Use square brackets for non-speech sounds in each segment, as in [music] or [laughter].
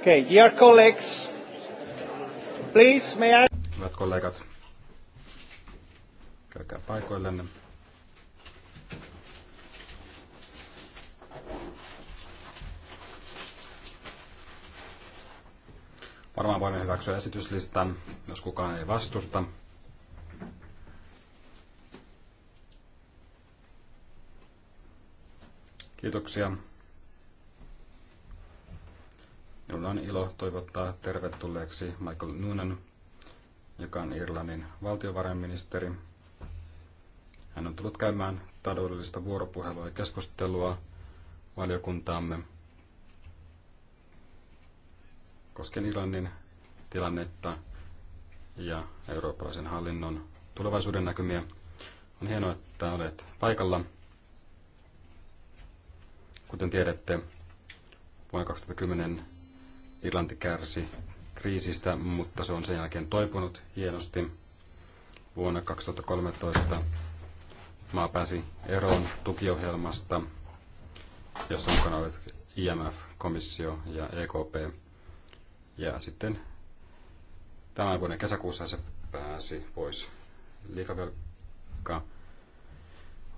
Okay, dear colleagues, please may I... Hyvät kollegat, käykää paikoillenne. Varmaan voimme hyväksyä esityslistan, jos kukaan ei vastusta. Kiitoksia. Minulla on ilo toivottaa tervetulleeksi Michael Noonan, joka on Irlannin valtiovarainministeri. Hän on tullut käymään taloudellista vuoropuhelua ja keskustelua valiokuntaamme koskien Irlannin tilannetta ja eurooppalaisen hallinnon tulevaisuuden näkymiä. On hienoa, että olet paikalla. Kuten tiedätte, vuonna 2010 Irlanti kärsi kriisistä, mutta se on sen jälkeen toipunut hienosti. Vuonna 2013 maa pääsi eroon tukiohjelmasta, jossa mukana olivat IMF, komissio ja EKP. Ja sitten tämän vuoden kesäkuussa se pääsi pois liikavelkaa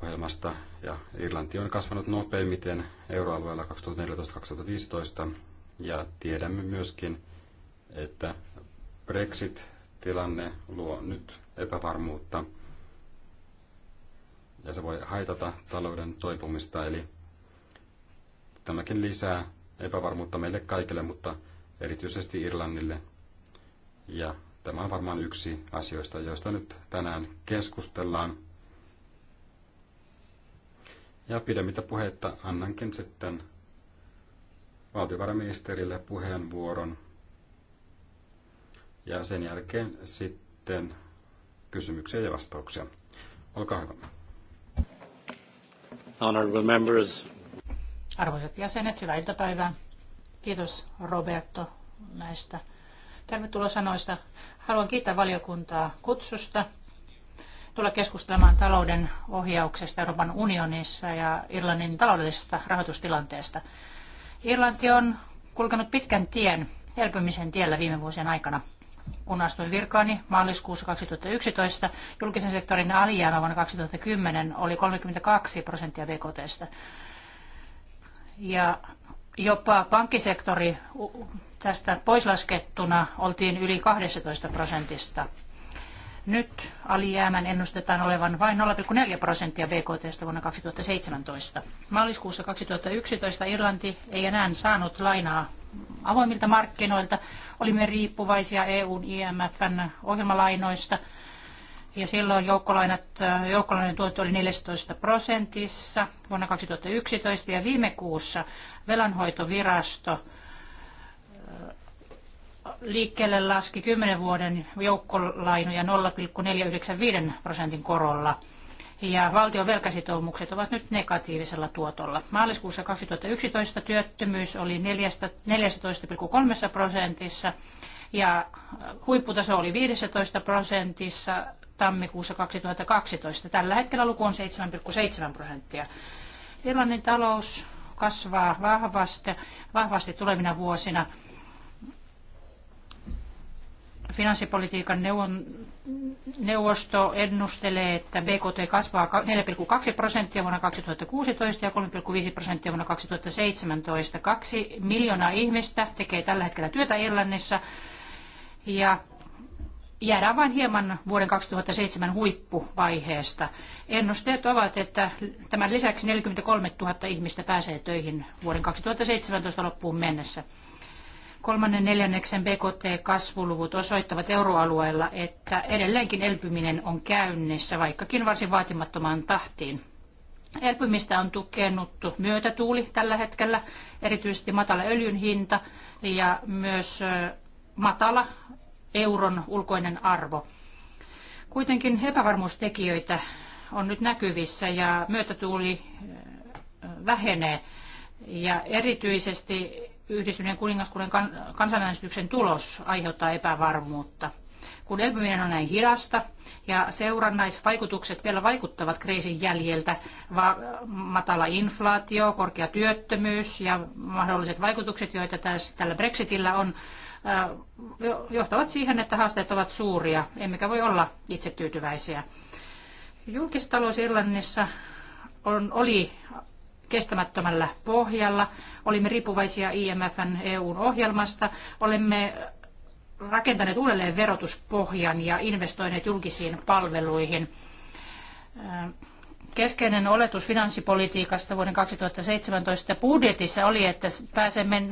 ohjelmasta ja Irlanti on kasvanut nopeimmiten euroalueella 2014-2015 ja tiedämme myöskin, että Brexit-tilanne luo nyt epävarmuutta ja se voi haitata talouden toipumista. Eli tämäkin lisää epävarmuutta meille kaikille, mutta erityisesti Irlannille. Ja tämä on varmaan yksi asioista, joista nyt tänään keskustellaan. Ja pidemmittä puheitta annankin sitten valtiovarainministerille puheenvuoron. Ja sen jälkeen sitten kysymyksiä ja vastauksia. Olkaa hyvä. Honorable members. Arvoisat jäsenet, hyvää iltapäivää. Kiitos Roberto näistä tervetuloa sanoista. Haluan kiittää valiokuntaa kutsusta tulla keskustelemaan talouden ohjauksesta Euroopan unionissa ja Irlannin taloudellisesta rahoitustilanteesta. Irlanti on kulkenut pitkän tien elpymisen tiellä viime vuosien aikana. Kun astuin virkaani maaliskuussa 2011, julkisen sektorin alijäämä vuonna 2010 oli 32 prosenttia BKT. Ja jopa pankkisektori tästä poislaskettuna oltiin yli 12 prosentista nyt alijäämän ennustetaan olevan vain 0,4 prosenttia BKT vuonna 2017. Maaliskuussa 2011 Irlanti ei enää saanut lainaa avoimilta markkinoilta. Olimme riippuvaisia EUn IMFn ohjelmalainoista. Ja silloin joukkolainat, joukkolainojen tuotto oli 14 prosentissa vuonna 2011 ja viime kuussa velanhoitovirasto liikkeelle laski 10 vuoden joukkolainoja 0,495 prosentin korolla ja valtion velkasitoumukset ovat nyt negatiivisella tuotolla. Maaliskuussa 2011 työttömyys oli 14,3 prosentissa ja äh, huipputaso oli 15 prosentissa tammikuussa 2012. Tällä hetkellä luku on 7,7 prosenttia. Irlannin talous kasvaa vahvasti, vahvasti tulevina vuosina finanssipolitiikan neuvosto ennustelee, että BKT kasvaa 4,2 prosenttia vuonna 2016 ja 3,5 prosenttia vuonna 2017. Kaksi miljoonaa ihmistä tekee tällä hetkellä työtä Irlannissa ja jäädään vain hieman vuoden 2007 huippuvaiheesta. Ennusteet ovat, että tämän lisäksi 43 000 ihmistä pääsee töihin vuoden 2017 loppuun mennessä. Kolmannen neljänneksen BKT-kasvuluvut osoittavat euroalueella, että edelleenkin elpyminen on käynnissä, vaikkakin varsin vaatimattomaan tahtiin. Elpymistä on tukenut myötätuuli tällä hetkellä, erityisesti matala öljyn hinta ja myös matala euron ulkoinen arvo. Kuitenkin epävarmuustekijöitä on nyt näkyvissä ja myötätuuli vähenee. Ja erityisesti yhdistyneen kuningaskunnan kansanäänestyksen tulos aiheuttaa epävarmuutta. Kun elpyminen on näin hidasta ja seurannaisvaikutukset vielä vaikuttavat kriisin jäljeltä, matala inflaatio, korkea työttömyys ja mahdolliset vaikutukset, joita tässä, tällä Brexitillä on, johtavat siihen, että haasteet ovat suuria, emmekä voi olla itse tyytyväisiä. Julkistalous Irlannissa on, oli kestämättömällä pohjalla. Olimme riippuvaisia IMFn EUn ohjelmasta. Olemme rakentaneet uudelleen verotuspohjan ja investoineet julkisiin palveluihin. Äh, keskeinen oletus finanssipolitiikasta vuoden 2017 budjetissa oli, että pääsemme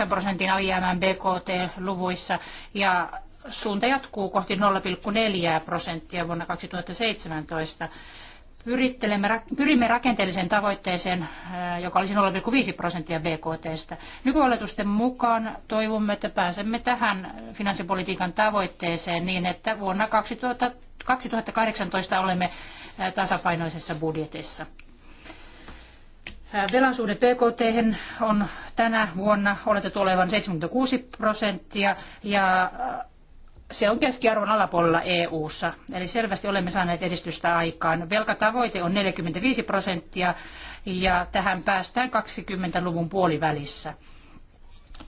0,9 prosentin alijäämään BKT-luvuissa ja suunta jatkuu kohti 0,4 prosenttia vuonna 2017 pyrimme rakenteelliseen tavoitteeseen, joka olisi 0,5 prosenttia BKTstä. Nykyoletusten mukaan toivomme, että pääsemme tähän finanssipolitiikan tavoitteeseen niin, että vuonna 2018 olemme tasapainoisessa budjetissa. Velan suhde BKT on tänä vuonna oletettu olevan 76 prosenttia ja se on keskiarvon alapuolella EU-ssa. Eli selvästi olemme saaneet edistystä aikaan. Velkatavoite on 45 prosenttia ja tähän päästään 20-luvun puolivälissä.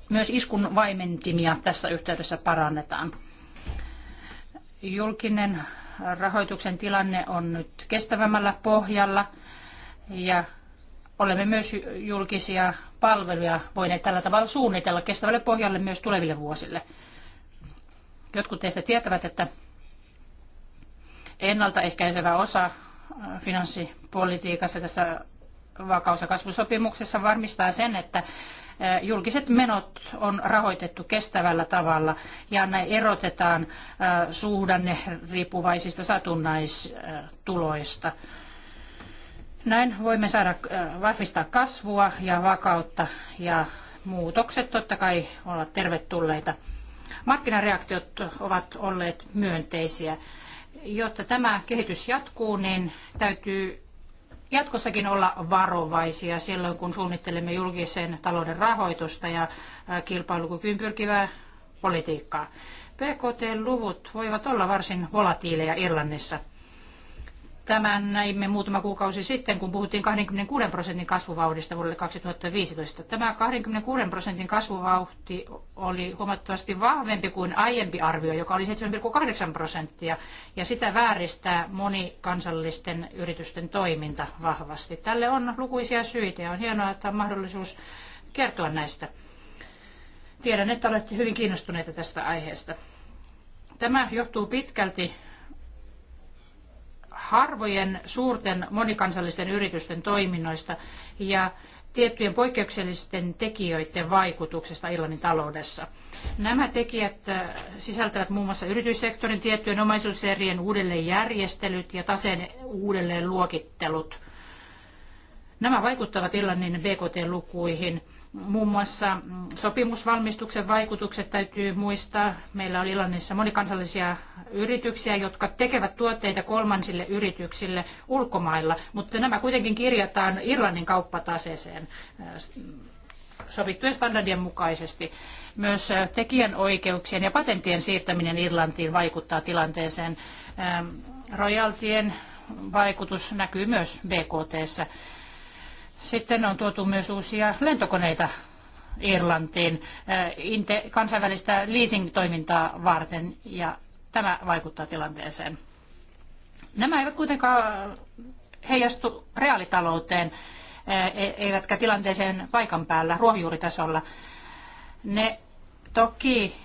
Myös iskun vaimentimia tässä yhteydessä parannetaan. Julkinen rahoituksen tilanne on nyt kestävämmällä pohjalla ja olemme myös julkisia palveluja voineet tällä tavalla suunnitella kestävälle pohjalle myös tuleville vuosille. Jotkut teistä tietävät, että ennaltaehkäisevä osa äh, finanssipolitiikassa tässä vakaus- ja kasvusopimuksessa varmistaa sen, että äh, julkiset menot on rahoitettu kestävällä tavalla ja ne erotetaan äh, suhdanne riippuvaisista satunnaistuloista. Näin voimme saada vahvistaa kasvua ja vakautta ja muutokset totta kai olla tervetulleita. Markkinareaktiot ovat olleet myönteisiä. Jotta tämä kehitys jatkuu, niin täytyy jatkossakin olla varovaisia silloin, kun suunnittelemme julkisen talouden rahoitusta ja kilpailukykyyn pyrkivää politiikkaa. PKT-luvut voivat olla varsin volatiileja Irlannissa. Tämän näimme muutama kuukausi sitten, kun puhuttiin 26 prosentin kasvuvauhdista vuodelle 2015. Tämä 26 prosentin kasvuvauhti oli huomattavasti vahvempi kuin aiempi arvio, joka oli 7,8 prosenttia, ja sitä vääristää monikansallisten yritysten toiminta vahvasti. Tälle on lukuisia syitä, ja on hienoa, että on mahdollisuus kertoa näistä. Tiedän, että olette hyvin kiinnostuneita tästä aiheesta. Tämä johtuu pitkälti harvojen suurten monikansallisten yritysten toiminnoista ja tiettyjen poikkeuksellisten tekijöiden vaikutuksesta Irlannin taloudessa. Nämä tekijät äh, sisältävät muun muassa yrityssektorin tiettyjen omaisuuserien uudelleenjärjestelyt ja taseen uudelleenluokittelut. Nämä vaikuttavat Irlannin BKT-lukuihin Muun muassa mm, sopimusvalmistuksen vaikutukset täytyy muistaa. Meillä on Irlannissa monikansallisia yrityksiä, jotka tekevät tuotteita kolmansille yrityksille ulkomailla, mutta nämä kuitenkin kirjataan Irlannin kauppataseeseen äh, sovittujen standardien mukaisesti. Myös äh, tekijänoikeuksien ja patenttien siirtäminen Irlantiin vaikuttaa tilanteeseen. Ähm, Royaltien vaikutus näkyy myös BKTssä. Sitten on tuotu myös uusia lentokoneita Irlantiin eh, kansainvälistä leasing-toimintaa varten ja tämä vaikuttaa tilanteeseen. Nämä eivät kuitenkaan heijastu reaalitalouteen eh, e- eivätkä tilanteeseen paikan päällä ruohonjuuritasolla. Ne toki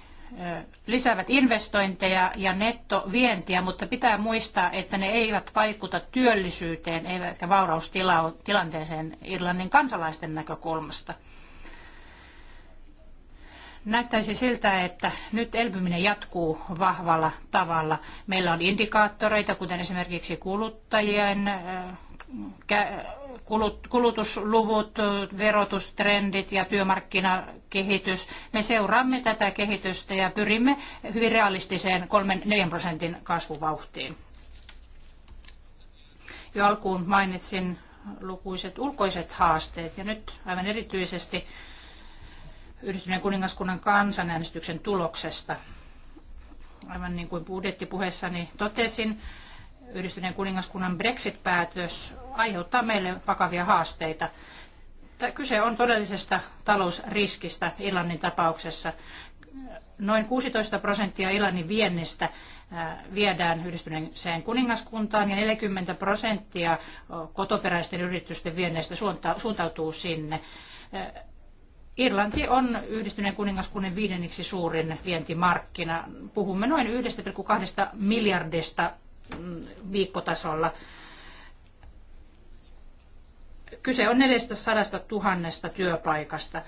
lisäävät investointeja ja nettovientiä, mutta pitää muistaa, että ne eivät vaikuta työllisyyteen eivätkä vauraustilanteeseen Irlannin kansalaisten näkökulmasta. Näyttäisi siltä, että nyt elpyminen jatkuu vahvalla tavalla. Meillä on indikaattoreita, kuten esimerkiksi kuluttajien kulutusluvut, verotustrendit ja työmarkkinakehitys. Me seuraamme tätä kehitystä ja pyrimme hyvin realistiseen 3-4 prosentin kasvuvauhtiin. Jo alkuun mainitsin lukuiset ulkoiset haasteet ja nyt aivan erityisesti Yhdistyneen kuningaskunnan kansanäänestyksen tuloksesta. Aivan niin kuin budjettipuheessani totesin, yhdistyneen kuningaskunnan Brexit-päätös aiheuttaa meille vakavia haasteita. Kyse on todellisesta talousriskistä Irlannin tapauksessa. Noin 16 prosenttia Irlannin viennistä äh, viedään yhdistyneeseen kuningaskuntaan ja 40 prosenttia kotoperäisten yritysten viennistä suuntautuu sinne. Äh, Irlanti on yhdistyneen kuningaskunnan viidenneksi suurin vientimarkkina. Puhumme noin 1,2 miljardista Mm, viikkotasolla. Kyse on 400 000 työpaikasta.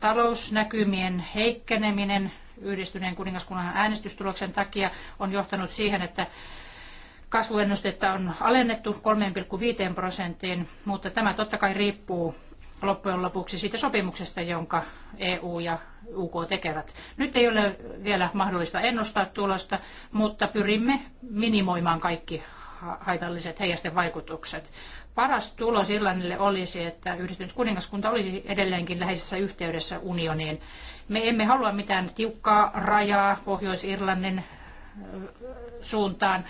Talousnäkymien heikkeneminen yhdistyneen kuningaskunnan äänestystuloksen takia on johtanut siihen, että kasvuennustetta on alennettu 3,5 prosenttiin, mutta tämä totta kai riippuu loppujen lopuksi siitä sopimuksesta, jonka EU ja UK tekevät. Nyt ei ole vielä mahdollista ennustaa tulosta, mutta pyrimme minimoimaan kaikki haitalliset heijasten vaikutukset. Paras tulos Irlannille olisi, että yhdistynyt kuningaskunta olisi edelleenkin läheisessä yhteydessä unioniin. Me emme halua mitään tiukkaa rajaa Pohjois-Irlannin suuntaan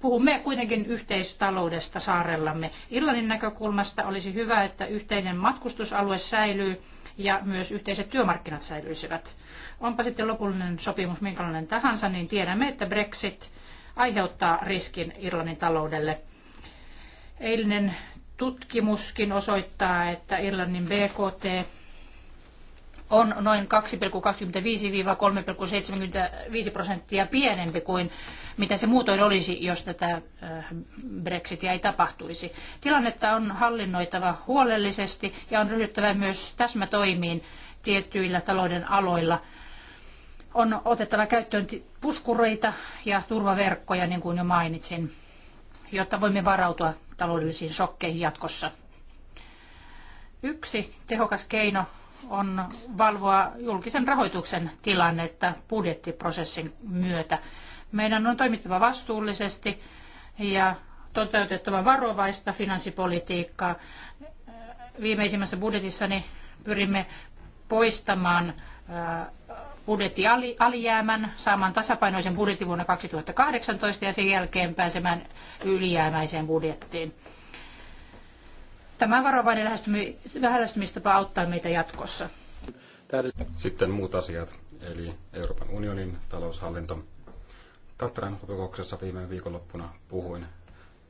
puhumme kuitenkin yhteistaloudesta saarellamme. Irlannin näkökulmasta olisi hyvä, että yhteinen matkustusalue säilyy ja myös yhteiset työmarkkinat säilyisivät. Onpa sitten lopullinen sopimus minkälainen tahansa, niin tiedämme, että Brexit aiheuttaa riskin Irlannin taloudelle. Eilinen tutkimuskin osoittaa, että Irlannin BKT on noin 2,25-3,75 prosenttia pienempi kuin mitä se muutoin olisi, jos tätä äh, Brexitia ei tapahtuisi. Tilannetta on hallinnoitava huolellisesti ja on ryhdyttävä myös täsmätoimiin tiettyillä talouden aloilla. On otettava käyttöön puskureita ja turvaverkkoja, niin kuin jo mainitsin, jotta voimme varautua taloudellisiin shokkeihin jatkossa. Yksi tehokas keino on valvoa julkisen rahoituksen tilannetta budjettiprosessin myötä. Meidän on toimittava vastuullisesti ja toteutettava varovaista finanssipolitiikkaa. Viimeisimmässä budjetissani pyrimme poistamaan budjettialijäämän, saamaan tasapainoisen budjetin vuonna 2018 ja sen jälkeen pääsemään ylijäämäiseen budjettiin. Tämä varovainen lähestymistapa auttaa meitä jatkossa. Sitten muut asiat, eli Euroopan unionin taloushallinto. Tatran kokouksessa viime viikonloppuna puhuin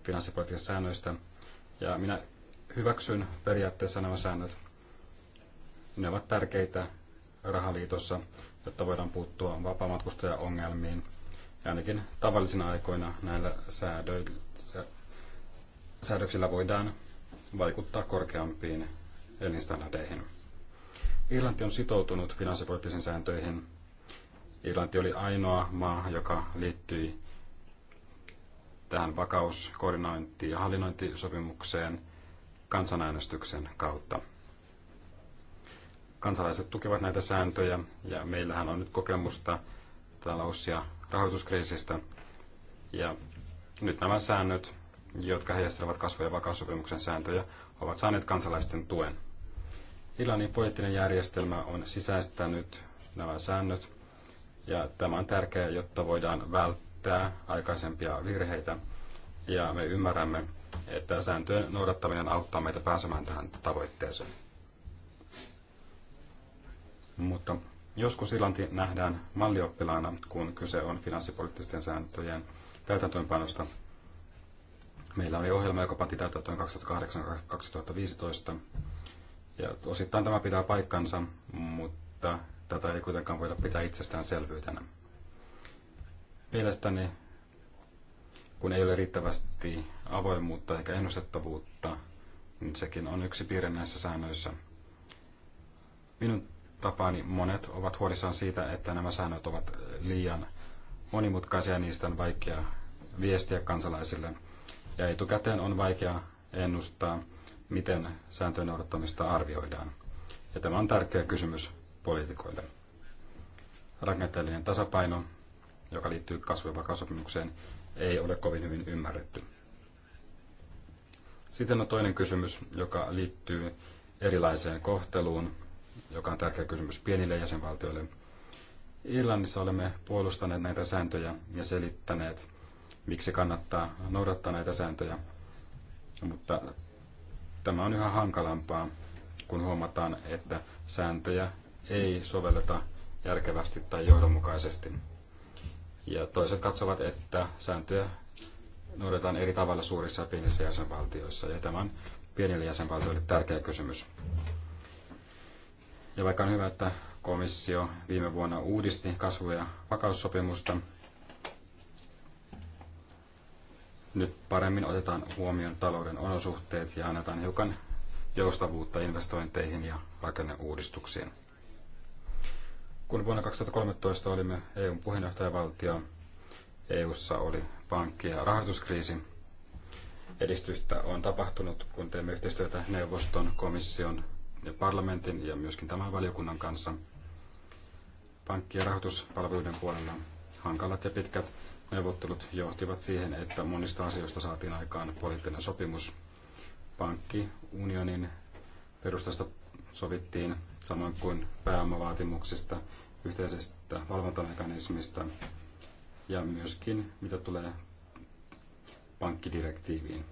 finanssipolitiikan säännöistä, ja minä hyväksyn periaatteessa nämä säännöt. Ne ovat tärkeitä rahaliitossa, jotta voidaan puuttua vapaamatkustajaongelmiin. Ja ainakin tavallisina aikoina näillä säädöillä säädöksillä voidaan vaikuttaa korkeampiin elinstandardeihin. Irlanti on sitoutunut finanssipoliittisiin sääntöihin. Irlanti oli ainoa maa, joka liittyi tähän vakaus-, koordinointi- ja hallinnointisopimukseen kansanäänestyksen kautta. Kansalaiset tukevat näitä sääntöjä ja meillähän on nyt kokemusta talous- ja rahoituskriisistä. Ja nyt nämä säännöt jotka heijastelevat kasvoja vakaussopimuksen sääntöjä, ovat saaneet kansalaisten tuen. Iranin poliittinen järjestelmä on sisäistänyt nämä säännöt, ja tämä on tärkeää, jotta voidaan välttää aikaisempia virheitä, ja me ymmärrämme, että sääntöjen noudattaminen auttaa meitä pääsemään tähän tavoitteeseen. Mutta joskus Irlanti nähdään mallioppilaana, kun kyse on finanssipoliittisten sääntöjen täytäntöönpanosta Meillä oli ohjelma, joka panti täytäntöön 2008-2015. Ja osittain tämä pitää paikkansa, mutta tätä ei kuitenkaan voida pitää itsestäänselvyytenä. Mielestäni, kun ei ole riittävästi avoimuutta eikä ennustettavuutta, niin sekin on yksi piirre näissä säännöissä. Minun tapaani monet ovat huolissaan siitä, että nämä säännöt ovat liian monimutkaisia ja niistä on vaikea viestiä kansalaisille – ja etukäteen on vaikea ennustaa, miten sääntöjen noudattamista arvioidaan. Ja tämä on tärkeä kysymys poliitikoille. Rakenteellinen tasapaino, joka liittyy kasvu- ja ei ole kovin hyvin ymmärretty. Sitten on toinen kysymys, joka liittyy erilaiseen kohteluun, joka on tärkeä kysymys pienille jäsenvaltioille. Irlannissa olemme puolustaneet näitä sääntöjä ja selittäneet, miksi kannattaa noudattaa näitä sääntöjä. Mutta tämä on yhä hankalampaa, kun huomataan, että sääntöjä ei sovelleta järkevästi tai johdonmukaisesti. Ja toiset katsovat, että sääntöjä noudatetaan eri tavalla suurissa ja pienissä jäsenvaltioissa. Ja tämä on pienille jäsenvaltioille tärkeä kysymys. Ja vaikka on hyvä, että komissio viime vuonna uudisti kasvu- ja vakaussopimusta, nyt paremmin otetaan huomioon talouden olosuhteet ja annetaan hiukan joustavuutta investointeihin ja rakenneuudistuksiin. Kun vuonna 2013 olimme EUn puheenjohtajavaltio, EUssa oli pankki- ja rahoituskriisi. Edistystä on tapahtunut, kun teemme yhteistyötä neuvoston, komission ja parlamentin ja myöskin tämän valiokunnan kanssa. Pankki- ja rahoituspalveluiden puolella hankalat ja pitkät Neuvottelut johtivat siihen, että monista asioista saatiin aikaan poliittinen sopimus. Pankkiunionin perustasta sovittiin samoin kuin pääomavaatimuksista, yhteisestä valvontamekanismista ja myöskin mitä tulee pankkidirektiiviin.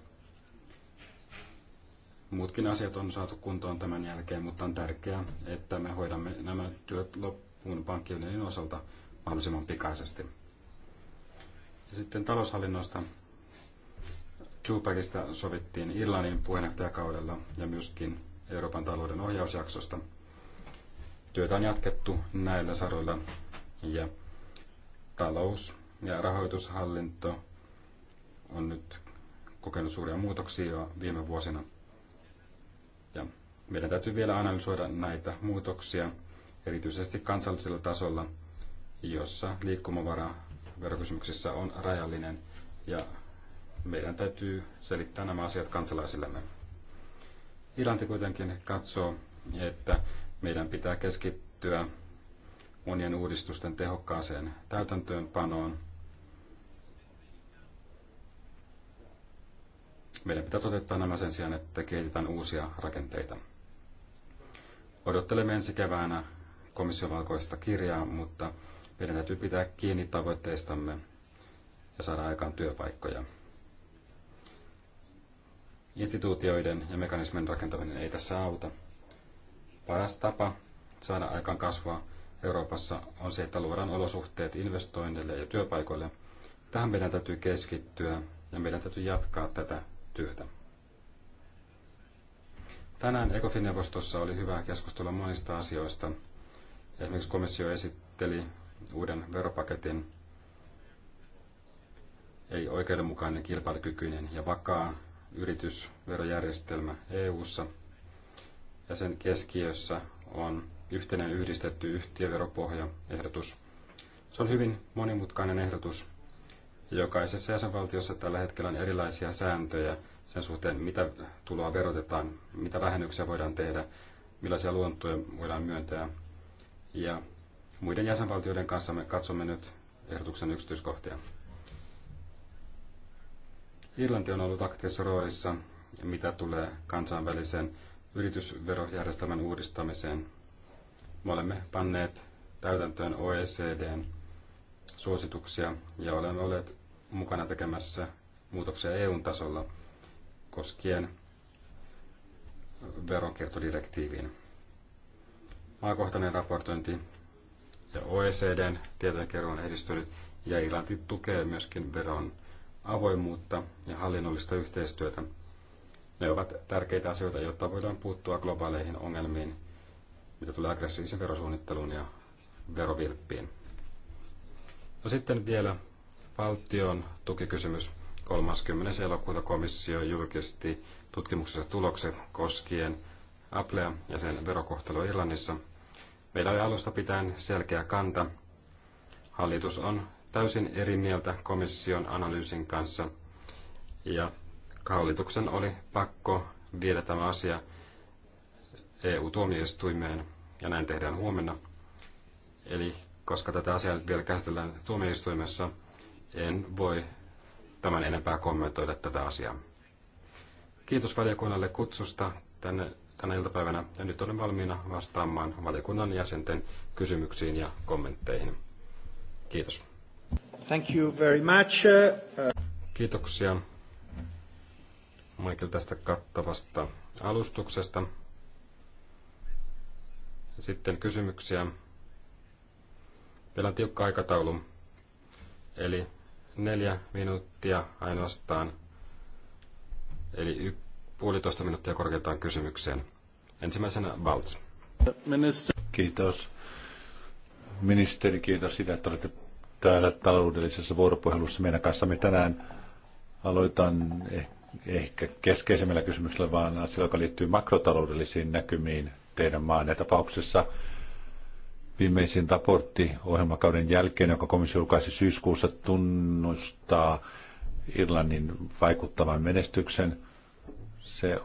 Muutkin asiat on saatu kuntoon tämän jälkeen, mutta on tärkeää, että me hoidamme nämä työt loppuun pankkiunionin osalta mahdollisimman pikaisesti. Sitten taloushallinnosta. Tupacista sovittiin Irlannin puheenjohtajakaudella ja myöskin Euroopan talouden ohjausjaksosta. Työtä on jatkettu näillä saroilla ja talous- ja rahoitushallinto on nyt kokenut suuria muutoksia jo viime vuosina. Ja meidän täytyy vielä analysoida näitä muutoksia, erityisesti kansallisella tasolla, jossa liikkumavara verokysymyksissä on rajallinen ja meidän täytyy selittää nämä asiat kansalaisillemme. Irlanti kuitenkin katsoo, että meidän pitää keskittyä monien uudistusten tehokkaaseen täytäntöönpanoon. Meidän pitää toteuttaa nämä sen sijaan, että kehitetään uusia rakenteita. Odottelemme ensi keväänä komission valkoista kirjaa, mutta meidän täytyy pitää kiinni tavoitteistamme ja saada aikaan työpaikkoja. Instituutioiden ja mekanismien rakentaminen ei tässä auta. Paras tapa saada aikaan kasvua Euroopassa on se, että luodaan olosuhteet investoinneille ja työpaikoille. Tähän meidän täytyy keskittyä ja meidän täytyy jatkaa tätä työtä. Tänään ECOFIN-neuvostossa oli hyvä keskustella monista asioista. Esimerkiksi komissio esitteli uuden veropaketin. ei oikeudenmukainen, kilpailukykyinen ja vakaa yritysverojärjestelmä EU:ssa ja sen keskiössä on yhteinen yhdistetty yhtiöveropohjaehdotus. Se on hyvin monimutkainen ehdotus. Jokaisessa jäsenvaltiossa tällä hetkellä on erilaisia sääntöjä sen suhteen, mitä tuloa verotetaan, mitä vähennyksiä voidaan tehdä, millaisia luontoja voidaan myöntää. Ja muiden jäsenvaltioiden kanssa me katsomme nyt ehdotuksen yksityiskohtia. Irlanti on ollut aktiivisessa roolissa, mitä tulee kansainvälisen yritysverojärjestelmän uudistamiseen. Me olemme panneet täytäntöön OECDn suosituksia ja olemme olleet mukana tekemässä muutoksia EU-tasolla koskien veronkiertodirektiiviin. Maakohtainen raportointi ja OECDn tietojenkerro on edistynyt ja Irlanti tukee myöskin veron avoimuutta ja hallinnollista yhteistyötä. Ne ovat tärkeitä asioita, jotta voidaan puuttua globaaleihin ongelmiin, mitä tulee aggressiivisen verosuunnitteluun ja verovilppiin. No sitten vielä valtion tukikysymys. 30. elokuuta komissio julkisti tutkimuksessa tulokset koskien Applea ja sen verokohtelua Irlannissa – Meillä oli alusta pitäen selkeä kanta. Hallitus on täysin eri mieltä komission analyysin kanssa ja hallituksen oli pakko viedä tämä asia EU-tuomioistuimeen ja näin tehdään huomenna. Eli koska tätä asiaa vielä käsitellään tuomioistuimessa, en voi tämän enempää kommentoida tätä asiaa. Kiitos valiokunnalle kutsusta tänne tänä iltapäivänä ja nyt olen valmiina vastaamaan valiokunnan jäsenten kysymyksiin ja kommentteihin. Kiitos. Thank you very much. Kiitoksia Michael tästä kattavasta alustuksesta. Sitten kysymyksiä. Meillä on tiukka aikataulu, eli neljä minuuttia ainoastaan. Eli puolitoista minuuttia korkeintaan kysymykseen. Ensimmäisenä Valts. Kiitos. Ministeri, kiitos siitä, että olette täällä taloudellisessa vuoropuhelussa meidän kanssamme tänään. Aloitan eh-, ehkä keskeisemmällä kysymyksellä, vaan asia, joka liittyy makrotaloudellisiin näkymiin teidän maanne tapauksessa. Viimeisin raportti ohjelmakauden jälkeen, joka komissio julkaisi syyskuussa, tunnustaa Irlannin vaikuttavan menestyksen – se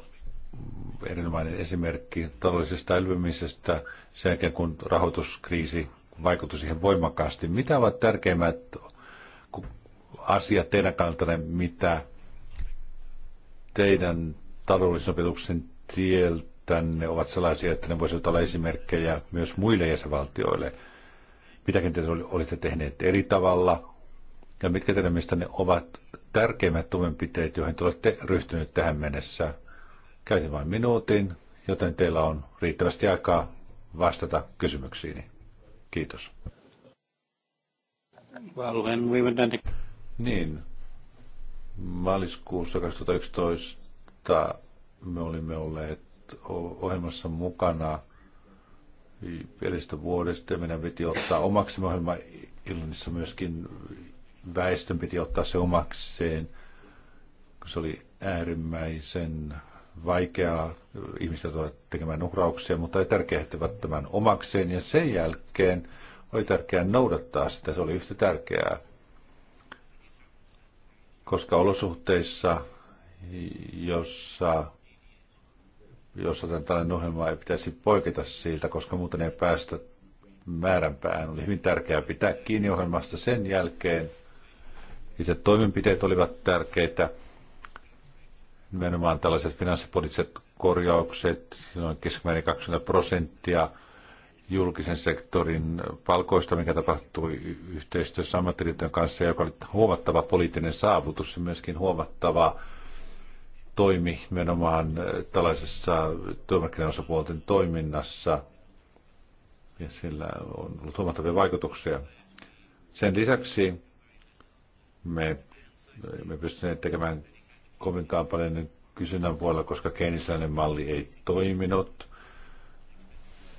erinomainen esimerkki taloudellisesta elpymisestä sen jälkeen, kun rahoituskriisi vaikutti siihen voimakkaasti. Mitä ovat tärkeimmät asiat teidän kannaltanne, mitä teidän taloudellisen opetuksen tieltänne ovat sellaisia, että ne voisivat olla esimerkkejä myös muille jäsenvaltioille? Mitäkin te olitte tehneet eri tavalla ja mitkä teidän mielestänne ovat tärkeimmät toimenpiteet, joihin te olette ryhtynyt tähän mennessä. Käytin vain minuutin, joten teillä on riittävästi aikaa vastata kysymyksiini. Kiitos. Well, we were Niin. Maaliskuussa 2011 me olimme olleet ohjelmassa mukana edellisestä vuodesta ja meidän piti ottaa omaksi ohjelma Irlannissa myöskin väestön piti ottaa se omakseen, kun se oli äärimmäisen vaikeaa ihmistä tekemään uhrauksia, mutta ei tärkeää, että tämän omakseen ja sen jälkeen oli tärkeää noudattaa sitä, se oli yhtä tärkeää. Koska olosuhteissa, jossa, jossa tällainen ohjelma ei pitäisi poiketa siltä, koska muuten ei päästä määränpään, oli hyvin tärkeää pitää kiinni ohjelmasta sen jälkeen – itse toimenpiteet olivat tärkeitä. Nimenomaan tällaiset finanssipoliittiset korjaukset, noin keskimäärin 20 prosenttia julkisen sektorin palkoista, mikä tapahtui yhteistyössä ammattiliittojen kanssa, joka oli huomattava poliittinen saavutus ja myöskin huomattava toimi nimenomaan eh, tällaisessa työmarkkinaosapuolten toiminnassa. Ja sillä on ollut huomattavia vaikutuksia. Sen lisäksi me, me pystyneet tekemään kovinkaan paljon kysynnän puolella, koska keinisäinen malli ei toiminut.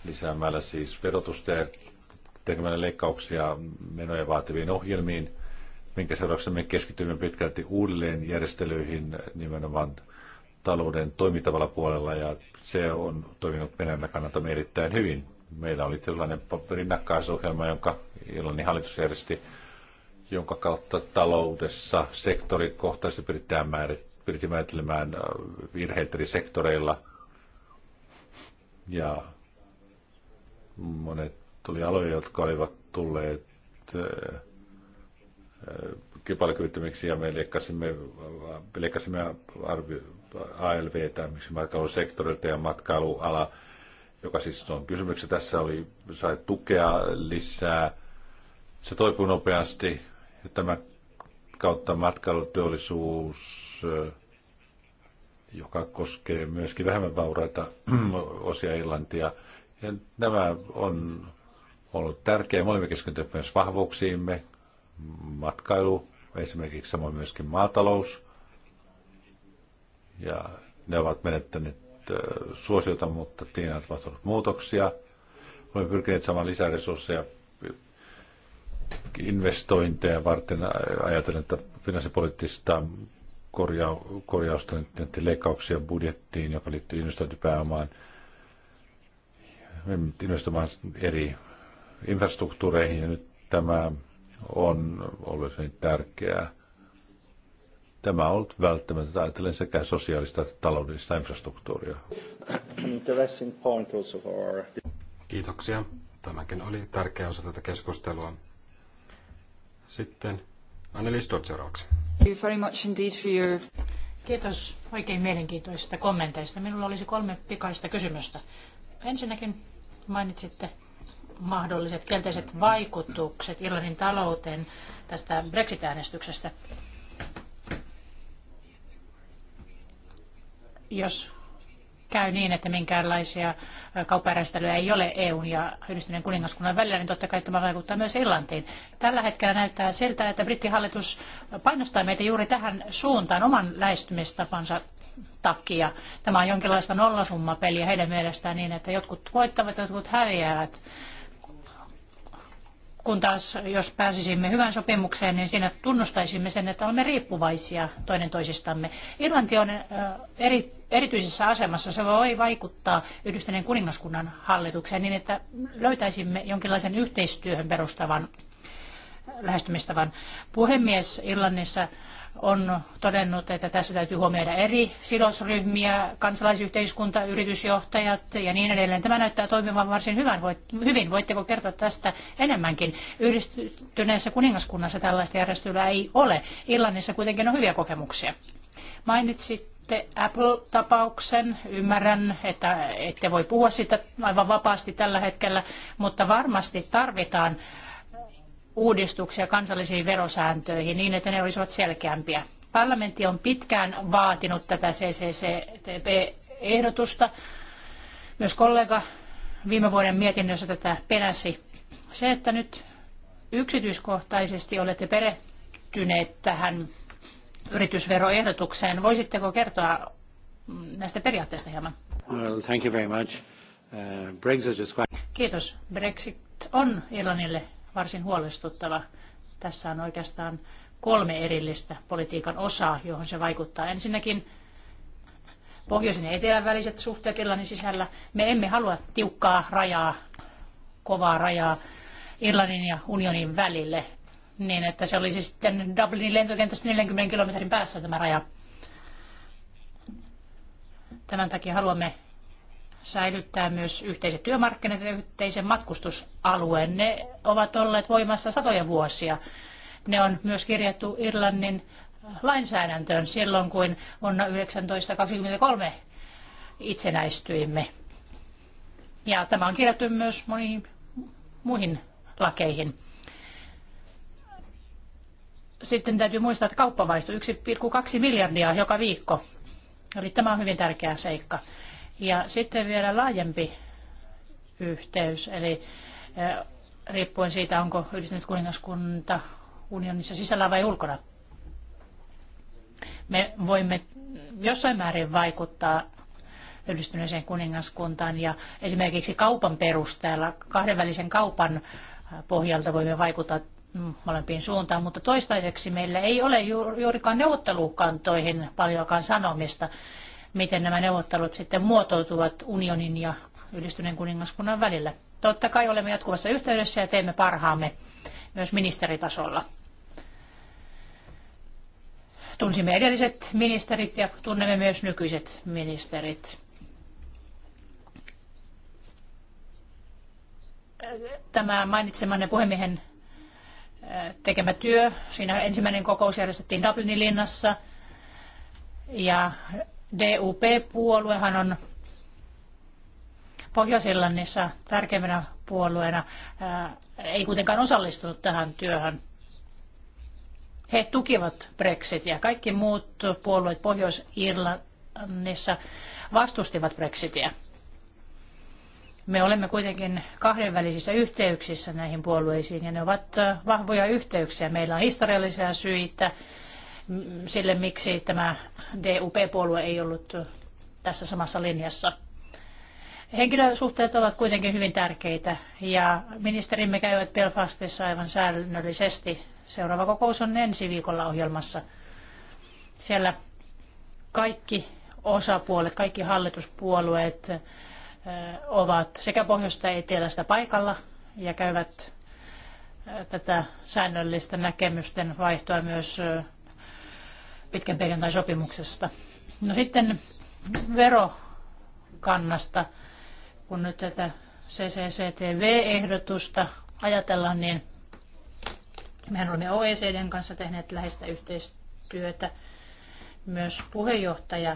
Lisäämällä siis verotusta ja tekemällä leikkauksia menoja vaativiin ohjelmiin, minkä seurauksena me keskitymme pitkälti uudelleen järjestelyihin nimenomaan talouden toimintavalla puolella ja se on toiminut Venäjän kannalta erittäin hyvin. Meillä oli tällainen rinnakkaisohjelma, jonka Ilonin hallitus järjesti jonka kautta taloudessa sektorikohtaisesti pyritään määrit, pyrittiin määrittelemään virheitä eri sektoreilla. Ja monet tuli aloja, jotka olivat tulleet kilpailukyvyttömiksi ja me leikkasimme, leikkasimme ALV, miksi matkailusektorilta ja matkailuala, joka siis on kysymyksessä tässä, oli, sai tukea lisää. Se toipui nopeasti tämä kautta matkailuteollisuus, joka koskee myöskin vähemmän vauraita [clears throat] osia Irlantia. Ja nämä on ollut tärkeä, Me olemme keskittyneet myös vahvuuksiimme, matkailu, esimerkiksi samoin myöskin maatalous. Ja ne ovat menettäneet suosiota, mutta tiedät ovat muutoksia. Olemme pyrkineet saamaan lisäresursseja investointeja varten ajatellen, että finanssipoliittista korjau, korjausta, näiden leikkauksia budjettiin, joka liittyy investointipääomaan, investoimaan eri infrastruktuureihin, ja nyt tämä on ollut hyvin tärkeää. Tämä on ollut välttämätöntä ajatellen sekä sosiaalista että taloudellista infrastruktuuria. Kiitoksia. Tämäkin oli tärkeä osa tätä keskustelua. Sitten Anneli Stotseroksi. Kiitos oikein mielenkiintoisista kommenteista. Minulla olisi kolme pikaista kysymystä. Ensinnäkin mainitsitte mahdolliset kelteiset vaikutukset Irlannin talouteen tästä Brexit-äänestyksestä. Jos käy niin, että minkäänlaisia kauppajärjestelyjä ei ole EUn ja Yhdistyneen kuningaskunnan välillä, niin totta kai tämä vaikuttaa myös Irlantiin. Tällä hetkellä näyttää siltä, että brittihallitus painostaa meitä juuri tähän suuntaan oman lähestymistapansa takia. Tämä on jonkinlaista nollasummapeliä heidän mielestään niin, että jotkut voittavat, jotkut häviävät kun taas jos pääsisimme hyvään sopimukseen, niin siinä tunnustaisimme sen, että olemme riippuvaisia toinen toisistamme. Irlanti on äh, eri, erityisessä asemassa. Se voi vaikuttaa yhdistyneen kuningaskunnan hallitukseen niin, että löytäisimme jonkinlaisen yhteistyöhön perustavan lähestymistavan. Puhemies Irlannissa on todennut, että tässä täytyy huomioida eri sidosryhmiä, kansalaisyhteiskunta, yritysjohtajat ja niin edelleen. Tämä näyttää toimivan varsin hyvän, voit, hyvin. Voitteko kertoa tästä enemmänkin? Yhdistyneessä kuningaskunnassa tällaista järjestelyä ei ole. Irlannissa kuitenkin on hyviä kokemuksia. Mainitsitte Apple-tapauksen. Ymmärrän, että ette voi puhua siitä aivan vapaasti tällä hetkellä, mutta varmasti tarvitaan uudistuksia kansallisiin verosääntöihin niin, että ne olisivat selkeämpiä. Parlamentti on pitkään vaatinut tätä CCCTP-ehdotusta. Myös kollega viime vuoden mietinnössä tätä penäsi. Se, että nyt yksityiskohtaisesti olette perehtyneet tähän yritysveroehdotukseen, voisitteko kertoa näistä periaatteista hieman? Well, thank you very much. Uh, Brexit is quite... Kiitos. Brexit on Irlannille varsin huolestuttava. Tässä on oikeastaan kolme erillistä politiikan osaa, johon se vaikuttaa. Ensinnäkin pohjoisen ja etelän väliset suhteet Irlannin sisällä. Me emme halua tiukkaa rajaa, kovaa rajaa Irlannin ja unionin välille, niin että se olisi sitten Dublinin lentokentästä 40 kilometrin päässä tämä raja. Tämän takia haluamme säilyttää myös yhteiset työmarkkinat ja yhteisen matkustusalueen. Ne ovat olleet voimassa satoja vuosia. Ne on myös kirjattu Irlannin lainsäädäntöön silloin, kun vuonna 1923 itsenäistyimme. Ja tämä on kirjattu myös moniin muihin lakeihin. Sitten täytyy muistaa, että kauppavaihto 1,2 miljardia joka viikko. Eli tämä on hyvin tärkeä seikka. Ja sitten vielä laajempi yhteys, eli riippuen siitä, onko yhdistynyt kuningaskunta unionissa sisällä vai ulkona. Me voimme jossain määrin vaikuttaa yhdistyneeseen kuningaskuntaan ja esimerkiksi kaupan perusteella, kahdenvälisen kaupan pohjalta voimme vaikuttaa molempiin suuntaan, mutta toistaiseksi meillä ei ole juurikaan neuvottelukantoihin paljonkaan sanomista miten nämä neuvottelut sitten muotoutuvat unionin ja yhdistyneen kuningaskunnan välillä. Totta kai olemme jatkuvassa yhteydessä ja teemme parhaamme myös ministeritasolla. Tunsimme edelliset ministerit ja tunnemme myös nykyiset ministerit. Tämä mainitsemanne puhemiehen äh, tekemä työ. Siinä ensimmäinen kokous järjestettiin Dublinin linnassa ja DUP-puoluehan on Pohjois-Irlannissa tärkeimmänä puolueena, ei kuitenkaan osallistunut tähän työhön. He tukivat Brexitia. Kaikki muut puolueet Pohjois-Irlannissa vastustivat Brexitia. Me olemme kuitenkin kahdenvälisissä yhteyksissä näihin puolueisiin ja ne ovat vahvoja yhteyksiä. Meillä on historiallisia syitä sille, miksi tämä DUP-puolue ei ollut tässä samassa linjassa. Henkilösuhteet ovat kuitenkin hyvin tärkeitä ja ministerimme käyvät Belfastissa aivan säännöllisesti. Seuraava kokous on ensi viikolla ohjelmassa. Siellä kaikki osapuolet, kaikki hallituspuolueet ovat sekä pohjoista että etelästä paikalla ja käyvät tätä säännöllistä näkemysten vaihtoa myös pitkän perjantain sopimuksesta. No sitten verokannasta, kun nyt tätä CCCTV-ehdotusta ajatellaan, niin mehän olemme OECDn kanssa tehneet läheistä yhteistyötä. Myös puheenjohtaja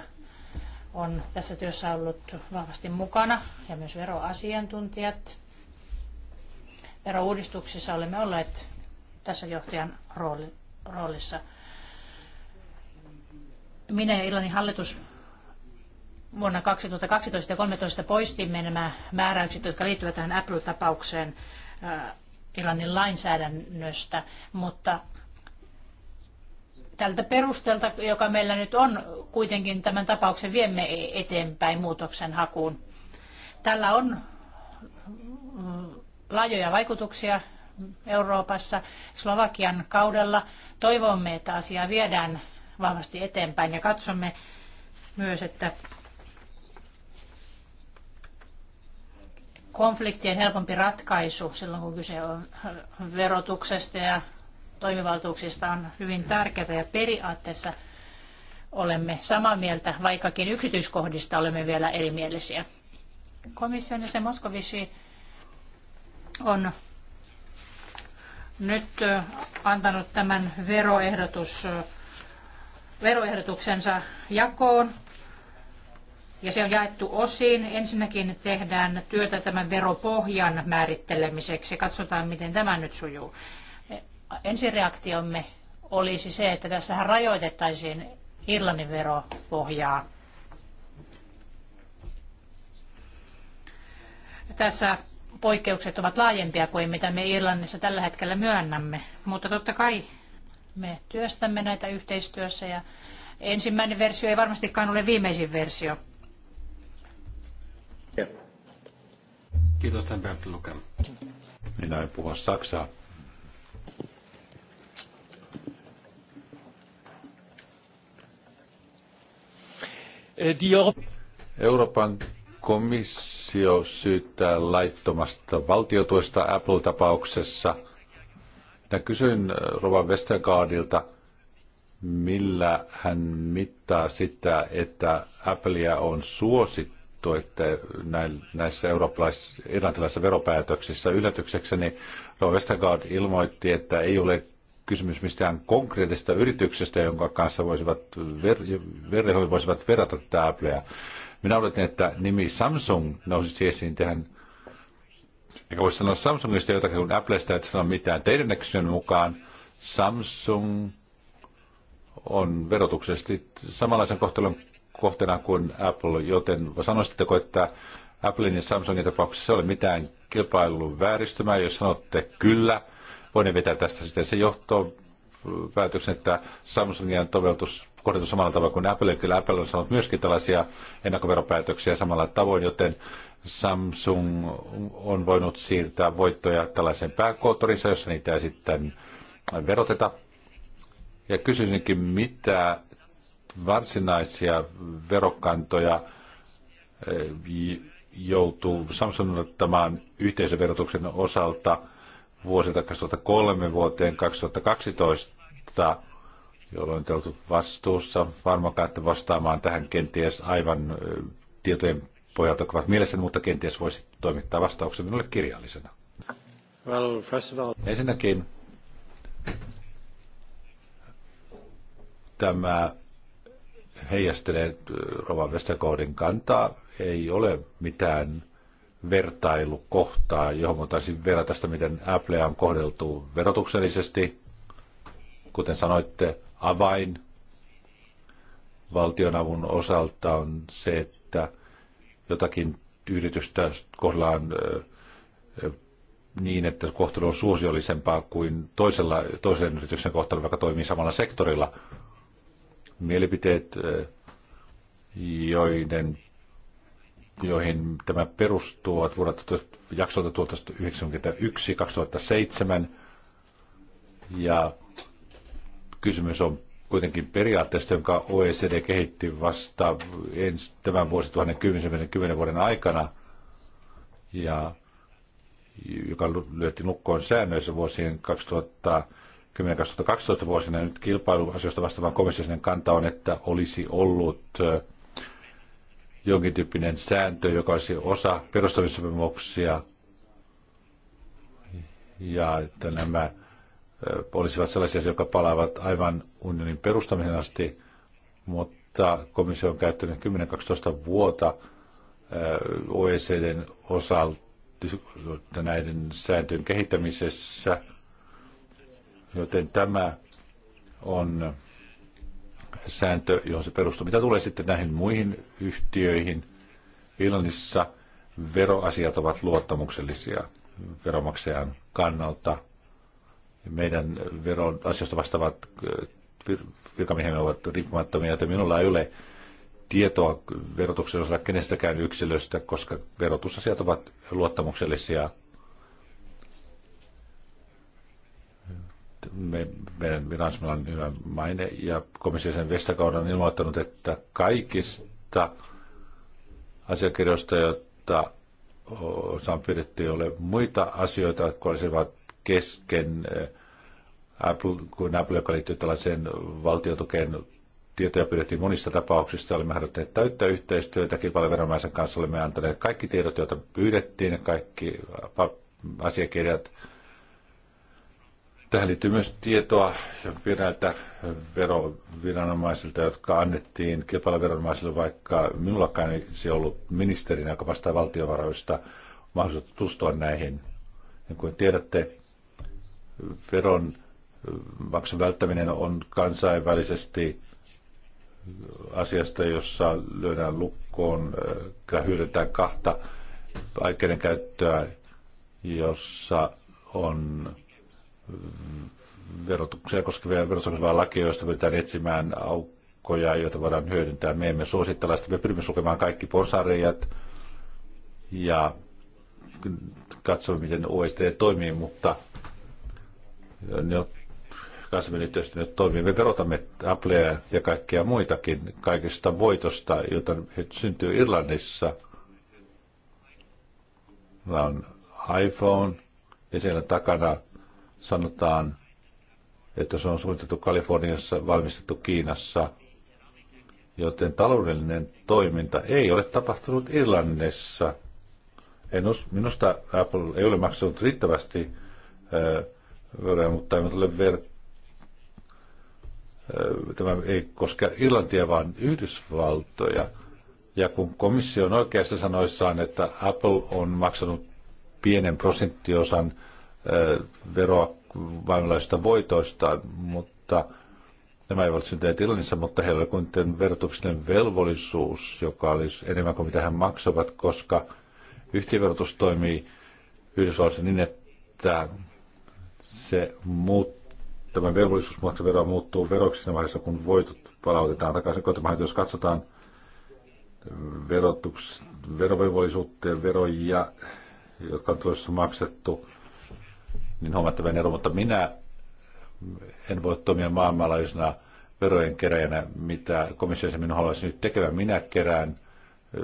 on tässä työssä ollut vahvasti mukana ja myös veroasiantuntijat. Verouudistuksissa olemme olleet tässä johtajan roolissa – minä ja Irlannin hallitus vuonna 2012 ja 2013 poistimme nämä määräykset, jotka liittyvät tähän Apple-tapaukseen äh, Irlannin lainsäädännöstä, mutta tältä perustelta, joka meillä nyt on, kuitenkin tämän tapauksen viemme eteenpäin muutoksen hakuun. Tällä on äh, laajoja vaikutuksia Euroopassa Slovakian kaudella. Toivomme, että asiaa viedään vahvasti eteenpäin ja katsomme myös, että konfliktien helpompi ratkaisu silloin, kun kyse on verotuksesta ja toimivaltuuksista on hyvin tärkeää ja periaatteessa olemme samaa mieltä, vaikkakin yksityiskohdista olemme vielä erimielisiä. Komission ja se Moskovisi on nyt antanut tämän veroehdotus veroehdotuksensa jakoon ja se on jaettu osiin. Ensinnäkin tehdään työtä tämän veropohjan määrittelemiseksi. Katsotaan, miten tämä nyt sujuu. Ensireaktiomme olisi se, että tässähän rajoitettaisiin Irlannin veropohjaa. Tässä poikkeukset ovat laajempia kuin mitä me Irlannissa tällä hetkellä myönnämme, mutta totta kai me työstämme näitä yhteistyössä ja ensimmäinen versio ei varmastikaan ole viimeisin versio. Kiitos tämän Lukan. Minä en puhua saksaa. Euroopan komissio syyttää laittomasta valtiotuesta Apple-tapauksessa – minä kysyin äh, Rova Westergaardilta, millä hän mittaa sitä, että Appleia on suosittu, että näissä eurooppalaisissa veropäätöksissä yllätyksekseni Rova Westergaard ilmoitti, että ei ole kysymys mistään konkreettisesta yrityksestä, jonka kanssa voisivat, ver, voisivat verrata tätä Appleia. Minä oletin, että nimi Samsung nousisi esiin tähän eikä voi sanoa Samsungista jotakin kuin Applesta, että sanoa mitään. Teidän näkemyksen mukaan Samsung on verotuksesti samanlaisen kohtelun kohteena kuin Apple, joten sanoisitteko, että Applein ja Samsungin tapauksessa ei ole mitään kilpailun vääristymää, jos sanotte kyllä, voin vetää tästä sitten se johto päätöksen, että Samsungin toveltus kohdettu samalla tavalla kuin Apple. Kyllä Apple on saanut myöskin tällaisia ennakkoveropäätöksiä samalla tavoin, joten Samsung on voinut siirtää voittoja tällaisen pääkoottorissa, jossa niitä ei sitten veroteta. Ja kysyisinkin, mitä varsinaisia verokantoja eh, joutuu Samsung ottamaan yhteisöverotuksen osalta vuosilta 2003 vuoteen 2012, jolloin te vastuussa. Varmaan vastaamaan tähän kenties aivan eh, tietojen pojat ovat mielessä, mutta kenties voisi toimittaa vastauksen minulle kirjallisena. Well, first of all... Ensinnäkin tämä heijastelee äh, Rovan Vestakoodin kantaa. Ei ole mitään vertailukohtaa, johon voitaisiin verrata sitä, miten Apple on kohdeltu verotuksellisesti. Kuten sanoitte, avain valtionavun osalta on se, että jotakin yritystä kohdellaan niin, että kohtelu on suosiollisempaa kuin toisella, toisen yrityksen kohtelu, joka toimii samalla sektorilla. Mielipiteet, joiden, joihin tämä perustuu, ovat vuodelta jaksolta 1991-2007. Ja kysymys on kuitenkin periaatteesta, jonka OECD kehitti vasta ens, tämän vuosituhannen 10, 10 vuoden aikana, ja joka lyötti lukkoon säännöissä vuosien 2010-2012 vuosina. Nyt kilpailuasioista vastaavan komission kanta on, että olisi ollut jonkin tyyppinen sääntö, joka olisi osa perustamissopimuksia, ja että nämä olisivat sellaisia, jotka palaavat aivan unionin perustamisen asti, mutta komissio on käyttänyt 10-12 vuotta OECDn osalta näiden sääntöjen kehittämisessä, joten tämä on sääntö, johon se perustuu. Mitä tulee sitten näihin muihin yhtiöihin, Irlannissa veroasiat ovat luottamuksellisia veromaksajan kannalta – meidän veroasioista vastaavat eh, virkamiehemme ovat riippumattomia, että minulla ei ole tietoa verotuksen osalta kenestäkään yksilöstä, koska verotusasiat ovat luottamuksellisia. Me, meidän viranomaisella on hyvä maine ja komissiosen Vestakauden on ilmoittanut, että kaikista asiakirjoista, joita on pyydetty, ei ole muita asioita, jotka olisivat kesken, eh, Apple, kun Apple, joka liittyy tällaiseen valtiotukeen, tietoja pyydettiin monista tapauksista, oli mahdollista täyttää yhteistyötä, kilpailuviranomaisen kanssa olemme antaneet kaikki tiedot, joita pyydettiin, kaikki asiakirjat. Tähän liittyy myös tietoa näiltä veroviranomaisilta, jotka annettiin kilpailuviranomaisille, vaikka minullakaan ei se ollut ministerinä, joka vastaa valtiovaroista, mahdollisuutta tutustua näihin. Ja niin kuin tiedätte, veron maksun välttäminen on kansainvälisesti asiasta, jossa lyödään lukkoon ja hyödyntää kahta aikeiden käyttöä, jossa on verotuksia koskevia verotuksia lakia, joista pyritään etsimään aukkoja, joita voidaan hyödyntää. Me emme suosittele sitä, Me pyrimme sulkemaan kaikki porsareijat ja katsomme, miten OECD toimii, mutta ne kansainvälinen toimii. Me verotamme Applea ja kaikkia muitakin kaikista voitosta, jota syntyy Irlannissa. Meillä on iPhone ja siellä takana sanotaan, että se on suunniteltu Kaliforniassa, valmistettu Kiinassa, joten taloudellinen toiminta ei ole tapahtunut Irlannissa. En us, minusta Apple ei ole maksanut riittävästi ö, veroja, mutta ei ole ver- Tämä ei koske Irlantia, vaan Yhdysvaltoja. Ja kun komissio on oikeassa sanoissaan, että Apple on maksanut pienen prosenttiosan veroa vaimalaisista voitoistaan, mutta nämä eivät ole syntyneet Irlannissa, mutta heillä oli kuitenkin verotuksen velvollisuus, joka olisi enemmän kuin mitä he maksavat, koska yhtiöverotus toimii Yhdysvalloissa niin, että se muut, tämä velvollisuusmaksavero muuttuu veroksi siinä vaiheessa, kun voitot palautetaan takaisin kotimaahan. Jos katsotaan verotuks, verovelvollisuutta ja veroja, jotka on tulossa maksettu, niin huomattavien ero, mutta minä en voi toimia maailmanlaajuisena verojen keräjänä, mitä komissio minun haluaisi nyt tekevän. Minä kerään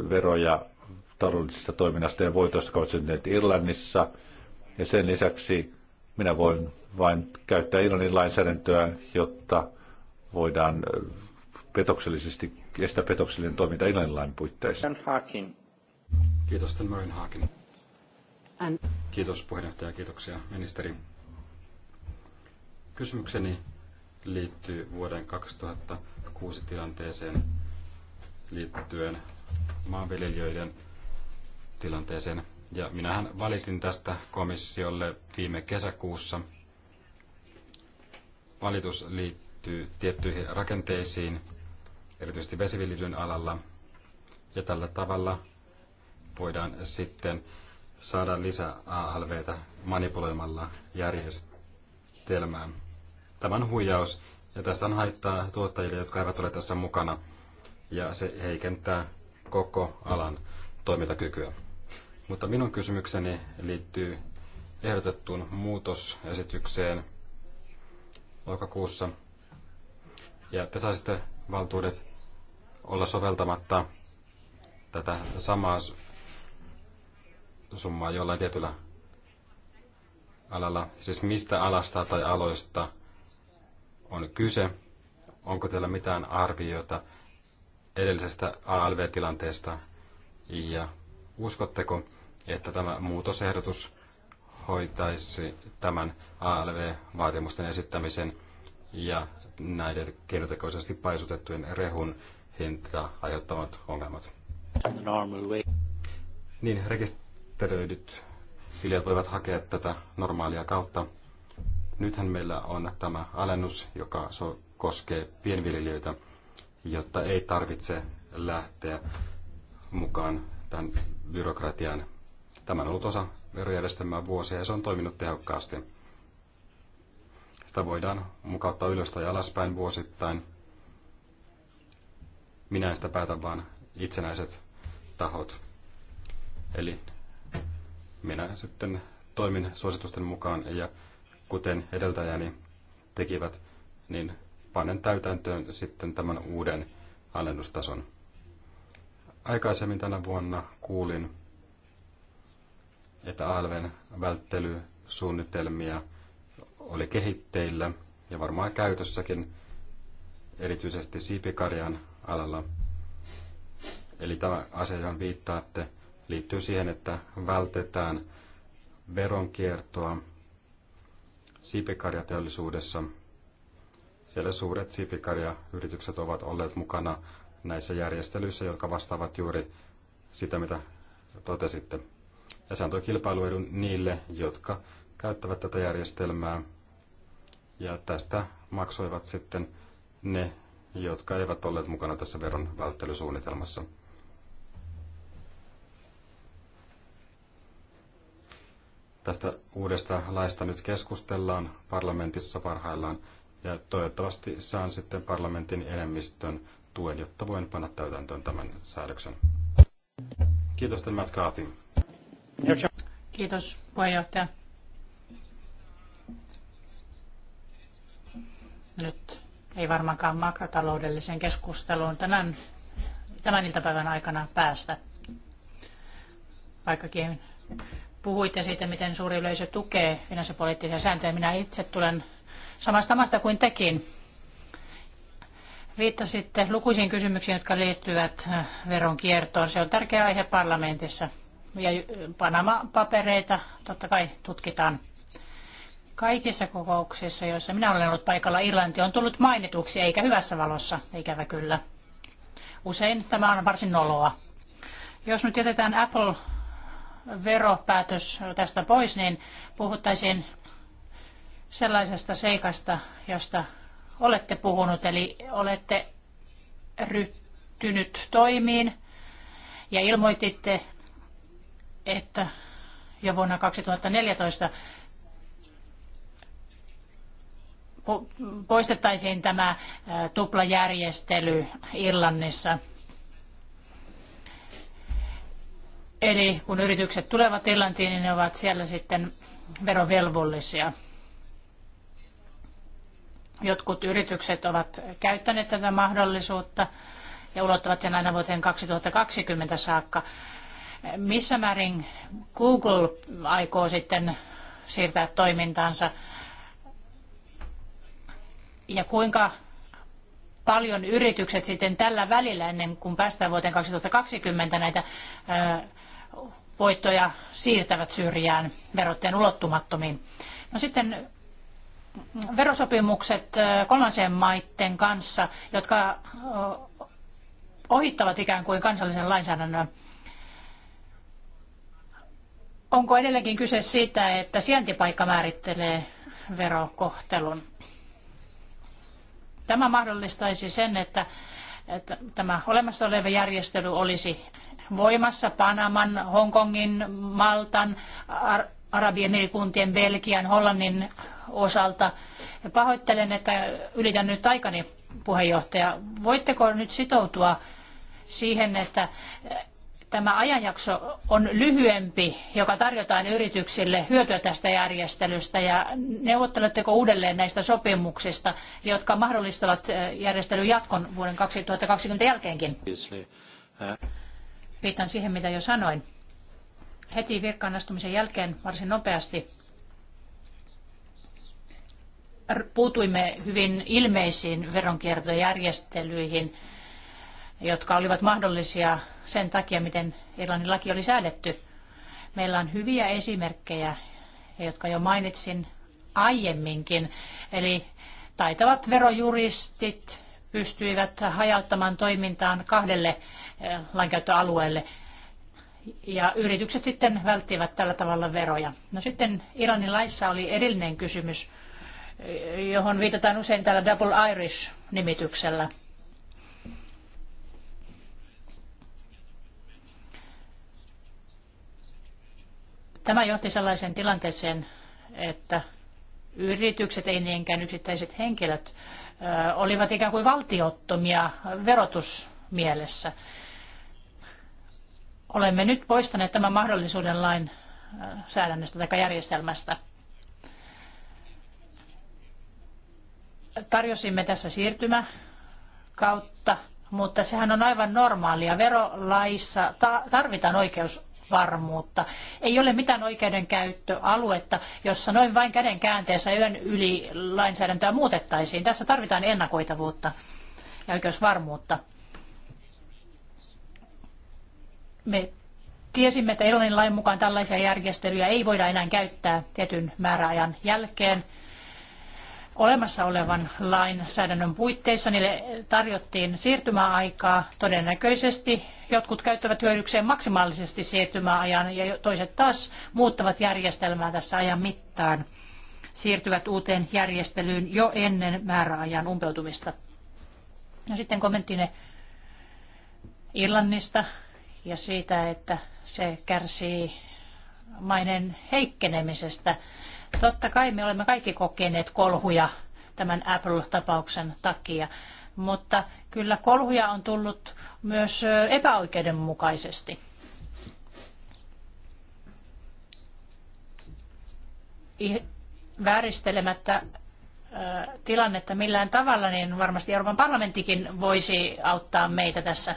veroja taloudellisesta toiminnasta ja voitoista kautta Irlannissa. Ja sen lisäksi minä voin vain käyttää Iranin lainsäädäntöä, jotta voidaan petoksellisesti estää petoksellinen toiminta Iranin lain puitteissa. Kiitos, Tenmarin Haakin. Kiitos puheenjohtaja, kiitoksia ministeri. Kysymykseni liittyy vuoden 2006 tilanteeseen liittyen maanviljelijöiden tilanteeseen. Ja minähän valitin tästä komissiolle viime kesäkuussa. Valitus liittyy tiettyihin rakenteisiin, erityisesti vesiviljelyn alalla. Ja tällä tavalla voidaan sitten saada lisää ALVtä manipuloimalla järjestelmään Tämä on huijaus ja tästä on haittaa tuottajille, jotka eivät ole tässä mukana ja se heikentää koko alan toimintakykyä. Mutta minun kysymykseni liittyy ehdotettuun muutosesitykseen lokakuussa. Ja te saisitte valtuudet olla soveltamatta tätä samaa summaa jollain tietyllä alalla. Siis mistä alasta tai aloista on kyse? Onko teillä mitään arviota edellisestä ALV-tilanteesta? Ja uskotteko, että tämä muutosehdotus hoitaisi tämän ALV-vaatimusten esittämisen ja näiden keinotekoisesti paisutettujen rehun hinta aiheuttamat ongelmat. Niin, rekisteröidyt viljat voivat hakea tätä normaalia kautta. Nythän meillä on tämä alennus, joka so- koskee pienviljelijöitä, jotta ei tarvitse lähteä mukaan tämän byrokratian Tämä on ollut osa verojärjestelmää vuosia ja se on toiminut tehokkaasti. Sitä voidaan mukauttaa ylös tai alaspäin vuosittain. Minä en sitä päätä, vaan itsenäiset tahot. Eli minä sitten toimin suositusten mukaan ja kuten edeltäjäni tekivät, niin panen täytäntöön sitten tämän uuden alennustason. Aikaisemmin tänä vuonna kuulin että ALVn välttelysuunnitelmia oli kehitteillä ja varmaan käytössäkin erityisesti siipikarjan alalla. Eli tämä asia, johon viittaatte, liittyy siihen, että vältetään veronkiertoa siipikarjateollisuudessa. Siellä suuret siipikarjayritykset ovat olleet mukana näissä järjestelyissä, jotka vastaavat juuri sitä, mitä totesitte. Ja se antoi kilpailuedun niille, jotka käyttävät tätä järjestelmää. Ja tästä maksoivat sitten ne, jotka eivät olleet mukana tässä veron välttelysuunnitelmassa. Tästä uudesta laista nyt keskustellaan parlamentissa parhaillaan ja toivottavasti saan sitten parlamentin enemmistön tuen, jotta voin panna täytäntöön tämän säädöksen. Kiitos, että Kiitos puheenjohtaja. Nyt ei varmaankaan makrotaloudelliseen keskusteluun tänään, tämän iltapäivän aikana päästä. Vaikkakin puhuitte siitä, miten suuri yleisö tukee finanssipoliittisia sääntöjä. Minä itse tulen samasta maasta kuin tekin. Viittasitte lukuisiin kysymyksiin, jotka liittyvät veronkiertoon. Se on tärkeä aihe parlamentissa ja Panama-papereita totta kai tutkitaan. Kaikissa kokouksissa, joissa minä olen ollut paikalla, Irlanti on tullut mainituksi, eikä hyvässä valossa, ikävä kyllä. Usein tämä on varsin noloa. Jos nyt jätetään Apple veropäätös tästä pois, niin puhuttaisiin sellaisesta seikasta, josta olette puhunut, eli olette ryhtynyt toimiin ja ilmoititte että jo vuonna 2014 poistettaisiin tämä tuplajärjestely Irlannissa. Eli kun yritykset tulevat Irlantiin, niin ne ovat siellä sitten verovelvollisia. Jotkut yritykset ovat käyttäneet tätä mahdollisuutta ja ulottavat sen aina vuoteen 2020 saakka. Missä määrin Google aikoo sitten siirtää toimintansa ja kuinka paljon yritykset sitten tällä välillä ennen kuin päästään vuoteen 2020 näitä voittoja siirtävät syrjään verotteen ulottumattomiin. No sitten verosopimukset kolmansien maiden kanssa, jotka ohittavat ikään kuin kansallisen lainsäädännön. Onko edelleenkin kyse siitä, että sijaintipaikka määrittelee verokohtelun? Tämä mahdollistaisi sen, että, että tämä olemassa oleva järjestely olisi voimassa Panaman, Hongkongin, Maltan, Ar- Arabiemirikuntien, Belgian, Hollannin osalta. Pahoittelen, että ylitän nyt aikani puheenjohtaja. Voitteko nyt sitoutua siihen, että tämä ajanjakso on lyhyempi, joka tarjotaan yrityksille hyötyä tästä järjestelystä ja neuvotteletteko uudelleen näistä sopimuksista, jotka mahdollistavat eh, järjestelyn jatkon vuoden 2020 jälkeenkin? Viitan siihen, mitä jo sanoin. Heti virkaan astumisen jälkeen varsin nopeasti puutuimme hyvin ilmeisiin veronkiertojärjestelyihin – jotka olivat mahdollisia sen takia, miten Irlannin laki oli säädetty. Meillä on hyviä esimerkkejä, jotka jo mainitsin aiemminkin. Eli taitavat verojuristit pystyivät hajauttamaan toimintaan kahdelle eh, lainkäyttöalueelle. Ja yritykset sitten välttivät tällä tavalla veroja. No sitten Irlannin laissa oli erillinen kysymys, eh, johon viitataan usein tällä Double Irish-nimityksellä. Tämä johti sellaiseen tilanteeseen, että yritykset, ei niinkään yksittäiset henkilöt, olivat ikään kuin valtiottomia verotusmielessä. Olemme nyt poistaneet tämän mahdollisuuden lain säädännöstä tai järjestelmästä. Tarjosimme tässä siirtymä kautta, mutta sehän on aivan normaalia. Verolaissa tarvitaan oikeus varmuutta. Ei ole mitään oikeudenkäyttöaluetta, jossa noin vain käden käänteessä yön yli lainsäädäntöä muutettaisiin. Tässä tarvitaan ennakoitavuutta ja oikeusvarmuutta. Me tiesimme, että Irlannin lain mukaan tällaisia järjestelyjä ei voida enää käyttää tietyn määräajan jälkeen. Olemassa olevan lainsäädännön puitteissa niille tarjottiin siirtymäaikaa todennäköisesti Jotkut käyttävät hyödykseen maksimaalisesti siirtymäajan ja toiset taas muuttavat järjestelmää tässä ajan mittaan, siirtyvät uuteen järjestelyyn jo ennen määräajan umpeutumista. No sitten kommenttine Irlannista ja siitä, että se kärsii mainen heikkenemisestä. Totta kai me olemme kaikki kokeneet kolhuja tämän Apple-tapauksen takia mutta kyllä kolhuja on tullut myös epäoikeudenmukaisesti. Vääristelemättä tilannetta millään tavalla, niin varmasti Euroopan parlamenttikin voisi auttaa meitä tässä.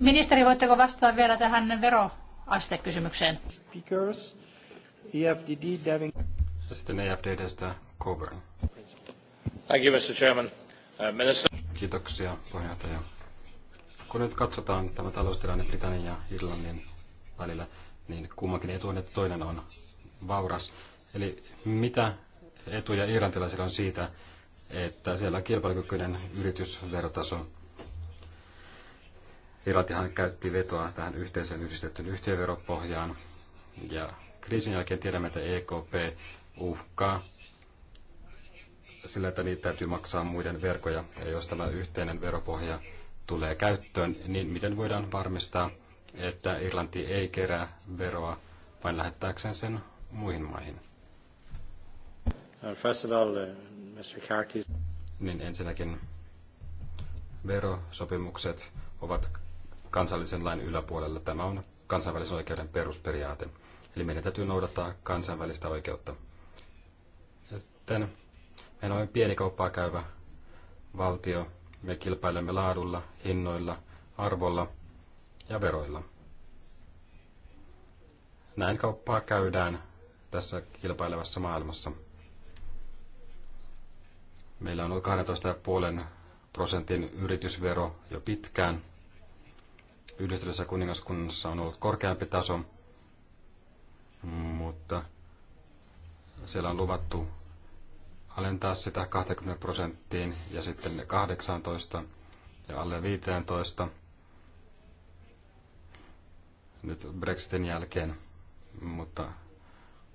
Ministeri, voitteko vastata vielä tähän veroastekysymykseen? Speakers, e Devin. Sitten EFDDstä Coburn. Thank you, Mr. Chairman. Kiitoksia puheenjohtaja. Kun nyt katsotaan tämä taloustilanne Britannian ja Irlannin välillä, niin kummankin etu on, että toinen on vauras. Eli mitä etuja irlantilaisilla on siitä, että siellä on kilpailukykyinen yritysverotaso? Irlantihan käytti vetoa tähän yhteiseen yhdistettyyn yhtiöveropohjaan. Ja kriisin jälkeen tiedämme, että EKP uhkaa sillä, että niitä täytyy maksaa muiden verkoja. Ja jos tämä yhteinen veropohja tulee käyttöön, niin miten voidaan varmistaa, että Irlanti ei kerää veroa vain lähettääkseen sen muihin maihin? Uh, first of all, uh, Mr. Carty. Niin ensinnäkin verosopimukset ovat kansallisen lain yläpuolella. Tämä on kansainvälisen oikeuden perusperiaate. Eli meidän täytyy noudattaa kansainvälistä oikeutta. Ja sitten Meillä on pieni kauppaa käyvä valtio. Me kilpailemme laadulla, hinnoilla, arvolla ja veroilla. Näin kauppaa käydään tässä kilpailevassa maailmassa. Meillä on ollut 12,5 prosentin yritysvero jo pitkään. Yhdistyneessä kuningaskunnassa on ollut korkeampi taso, mutta siellä on luvattu alentaa sitä 20 prosenttiin ja sitten 18 ja alle 15 nyt Brexitin jälkeen, mutta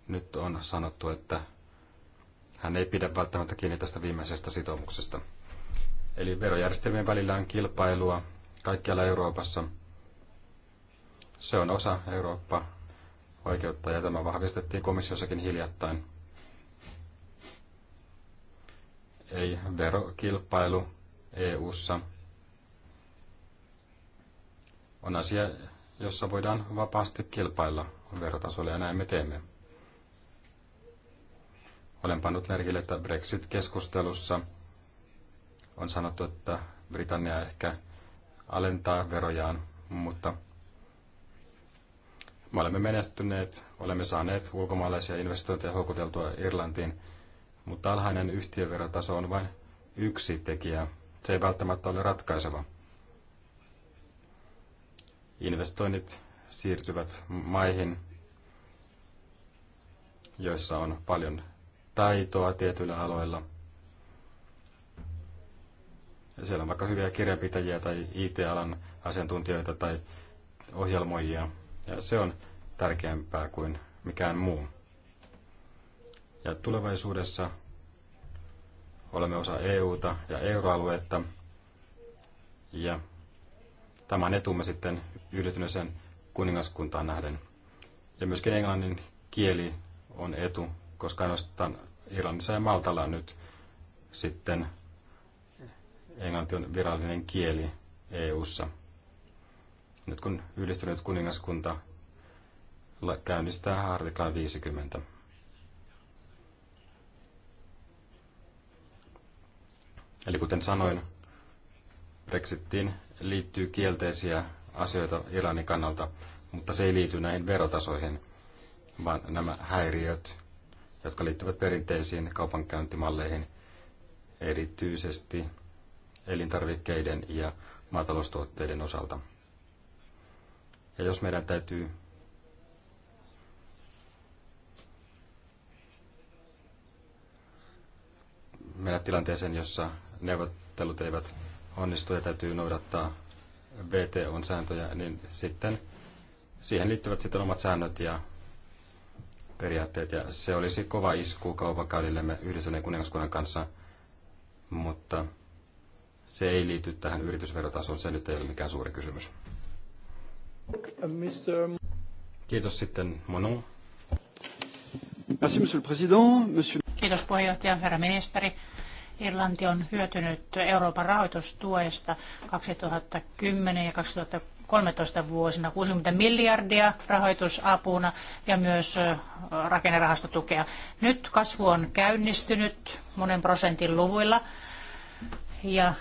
nyt on sanottu, että hän ei pidä välttämättä kiinni tästä viimeisestä sitoumuksesta. Eli verojärjestelmien välillä on kilpailua kaikkialla Euroopassa. Se on osa Eurooppa-oikeutta ja tämä vahvistettiin komissiossakin hiljattain. ei verokilpailu EU-ssa. on asia, jossa voidaan vapaasti kilpailla verotasolla ja näin me teemme. Olen pannut merkille, että Brexit-keskustelussa on sanottu, että Britannia ehkä alentaa verojaan, mutta me olemme menestyneet, olemme saaneet ulkomaalaisia investointeja houkuteltua Irlantiin – mutta alhainen yhtiöverotaso on vain yksi tekijä. Se ei välttämättä ole ratkaiseva. Investoinnit siirtyvät maihin, joissa on paljon taitoa tietyillä aloilla. Ja siellä on vaikka hyviä kirjanpitäjiä tai IT-alan asiantuntijoita tai ohjelmoijia. Ja se on tärkeämpää kuin mikään muu. Ja tulevaisuudessa olemme osa EUta ja euroaluetta. Ja tämä on etumme sitten yhdistyneeseen kuningaskuntaan nähden. Ja myöskin englannin kieli on etu, koska ainoastaan Irlannissa ja Maltalla nyt sitten englanti on virallinen kieli EU:ssa. Nyt kun yhdistynyt kuningaskunta käynnistää artiklan 50. Eli kuten sanoin, Brexittiin liittyy kielteisiä asioita Iranin kannalta, mutta se ei liity näihin verotasoihin, vaan nämä häiriöt, jotka liittyvät perinteisiin kaupankäyntimalleihin, erityisesti elintarvikkeiden ja maataloustuotteiden osalta. Ja jos meidän täytyy mennä tilanteeseen, jossa neuvottelut eivät onnistu ja täytyy noudattaa VTOn sääntöjä, niin sitten siihen liittyvät sitten omat säännöt ja periaatteet. Ja se olisi kova isku kaupakaudillemme Yhdistyneen kuningaskunnan kanssa, mutta se ei liity tähän yritysverotasoon. Se nyt ei ole mikään suuri kysymys. Mr. Kiitos sitten monu. Merci, monsieur le président. Monsieur... Kiitos puheenjohtaja, herra ministeri. Irlanti on hyötynyt Euroopan rahoitustuesta 2010 ja 2013 vuosina 60 miljardia rahoitusapuna ja myös rakennerahastotukea. Nyt kasvu on käynnistynyt monen prosentin luvuilla ja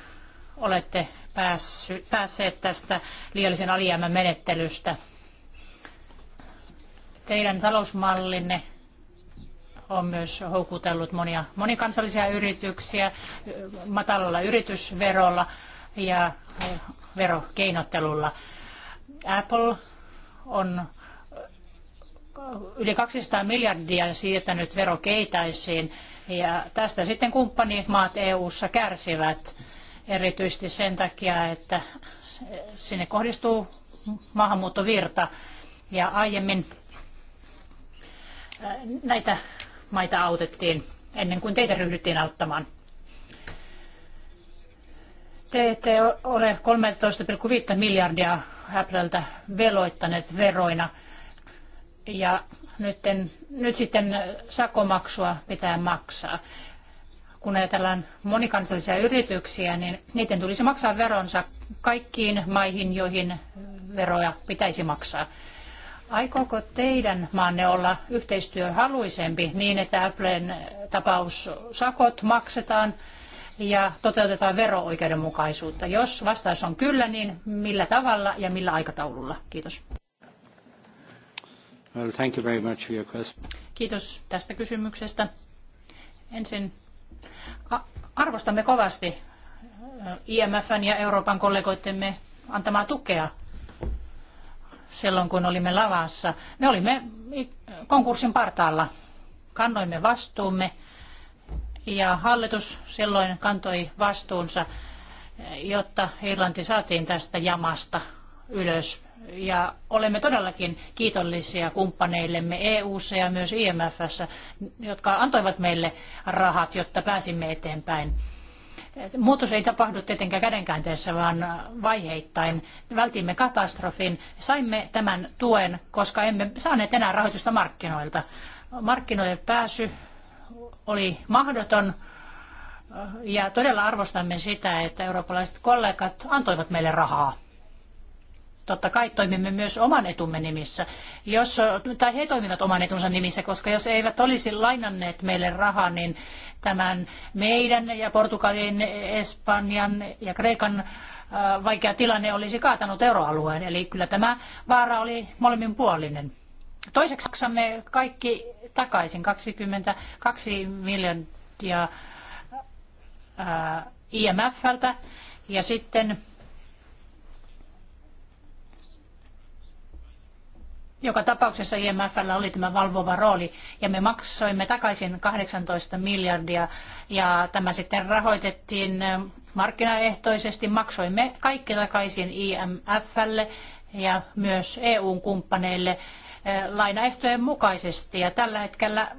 olette päässyt, päässeet tästä liiallisen alijäämän menettelystä. Teidän talousmallinne on myös houkutellut monia monikansallisia yrityksiä matalalla yritysverolla ja eh, verokeinottelulla. Apple on eh, yli 200 miljardia siirtänyt verokeitaisiin ja tästä sitten kumppanimaat EU-ssa kärsivät erityisesti sen takia, että sinne kohdistuu maahanmuuttovirta ja aiemmin eh, näitä maita autettiin ennen kuin teitä ryhdyttiin auttamaan. Te ette ole 13,5 miljardia Appleltä veloittaneet veroina. Ja nyt, nyt sitten sakomaksua pitää maksaa. Kun ajatellaan monikansallisia yrityksiä, niin niiden tulisi maksaa veronsa kaikkiin maihin, joihin veroja pitäisi maksaa. Aikooko teidän maanne olla yhteistyöhaluisempi niin, että Applen tapaus sakot maksetaan ja toteutetaan vero-oikeudenmukaisuutta? Jos vastaus on kyllä, niin millä tavalla ja millä aikataululla? Kiitos. Well, thank you very much for your question. Kiitos tästä kysymyksestä. Ensin arvostamme kovasti IMFn ja Euroopan kollegoittemme antamaa tukea silloin, kun olimme lavassa. Me olimme konkurssin partaalla. Kannoimme vastuumme ja hallitus silloin kantoi vastuunsa, jotta Irlanti saatiin tästä jamasta ylös. Ja olemme todellakin kiitollisia kumppaneillemme EU-ssa ja myös IMF:ssä, jotka antoivat meille rahat, jotta pääsimme eteenpäin. Muutos ei tapahdu tietenkään kädenkäänteessä, vaan vaiheittain. Vältimme katastrofin. Saimme tämän tuen, koska emme saaneet enää rahoitusta markkinoilta. Markkinoille pääsy oli mahdoton. Ja todella arvostamme sitä, että eurooppalaiset kollegat antoivat meille rahaa totta kai toimimme myös oman etumme nimissä. Jos, tai he toimivat oman etunsa nimissä, koska jos eivät olisi lainanneet meille rahaa, niin tämän meidän ja Portugalin, Espanjan ja Kreikan äh, vaikea tilanne olisi kaatanut euroalueen. Eli kyllä tämä vaara oli molemminpuolinen. Toiseksi maksamme kaikki takaisin 22 miljardia äh, IMFltä ja sitten Joka tapauksessa IMFllä oli tämä valvova rooli ja me maksoimme takaisin 18 miljardia ja tämä sitten rahoitettiin markkinaehtoisesti. Maksoimme kaikki takaisin IMFlle ja myös EUn kumppaneille lainaehtojen mukaisesti ja tällä hetkellä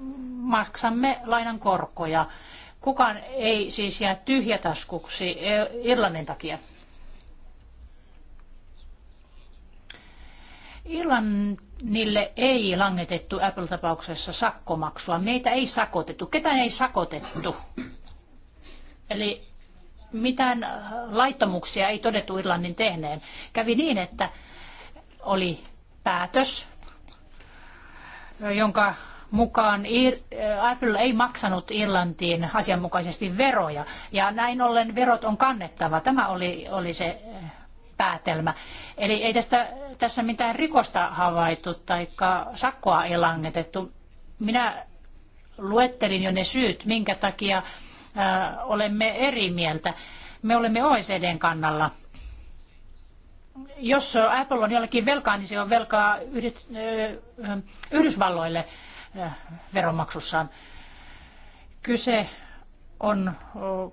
maksamme lainan korkoja. Kukaan ei siis jää tyhjätaskuksi Irlannin takia. Irlannille ei langetettu Apple-tapauksessa sakkomaksua. Meitä ei sakotettu. Ketään ei sakotettu. Eli mitään äh, laittomuuksia ei todettu Irlannin tehneen. Kävi niin, että oli päätös, jonka mukaan äh, Apple ei maksanut Irlantiin asianmukaisesti veroja. Ja näin ollen verot on kannettava. Tämä oli, oli se äh, päätelmä. Eli ei tästä, tässä mitään rikosta havaittu tai sakkoa ei langetettu. Minä luettelin jo ne syyt, minkä takia olemme eri mieltä. Me olemme OECDn kannalla. Jos Apple on jollekin velkaa, niin se on velkaa yhdist, Yhdysvalloille ää, veronmaksussaan. Kyse on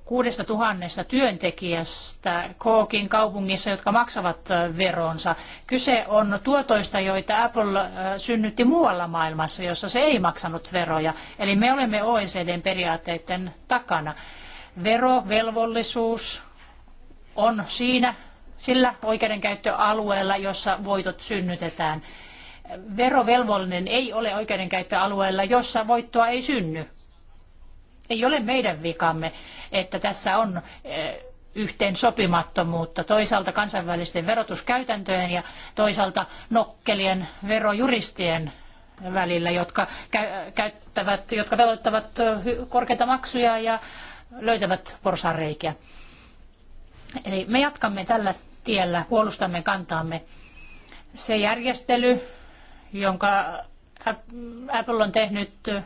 kuudesta tuhannesta työntekijästä Kookin kaupungissa, jotka maksavat veronsa. Kyse on tuotoista, joita Apple synnytti muualla maailmassa, jossa se ei maksanut veroja. Eli me olemme OECDn periaatteiden takana. Verovelvollisuus on siinä, sillä oikeudenkäyttöalueella, jossa voitot synnytetään. Verovelvollinen ei ole oikeudenkäyttöalueella, jossa voittoa ei synny ei ole meidän vikamme, että tässä on eh, yhteen sopimattomuutta toisaalta kansainvälisten verotuskäytäntöjen ja toisaalta nokkelien verojuristien välillä, jotka, käyttävät, jotka veloittavat eh, korkeita maksuja ja löytävät porsareikiä. Eli me jatkamme tällä tiellä, puolustamme kantaamme. Se järjestely, jonka Apple on tehnyt eh,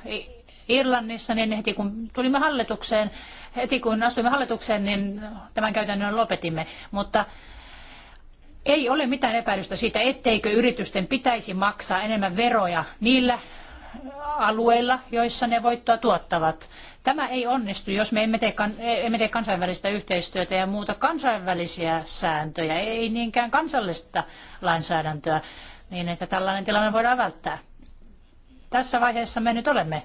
Irlannissa, niin heti kun tulimme hallitukseen, heti kun astuimme hallitukseen, niin tämän käytännön lopetimme. Mutta ei ole mitään epäilystä siitä, etteikö yritysten pitäisi maksaa enemmän veroja niillä alueilla, joissa ne voittoa tuottavat. Tämä ei onnistu, jos me emme tee, emme tee kansainvälistä yhteistyötä ja muuta kansainvälisiä sääntöjä, ei niinkään kansallista lainsäädäntöä, niin että tällainen tilanne voidaan välttää. Tässä vaiheessa me nyt olemme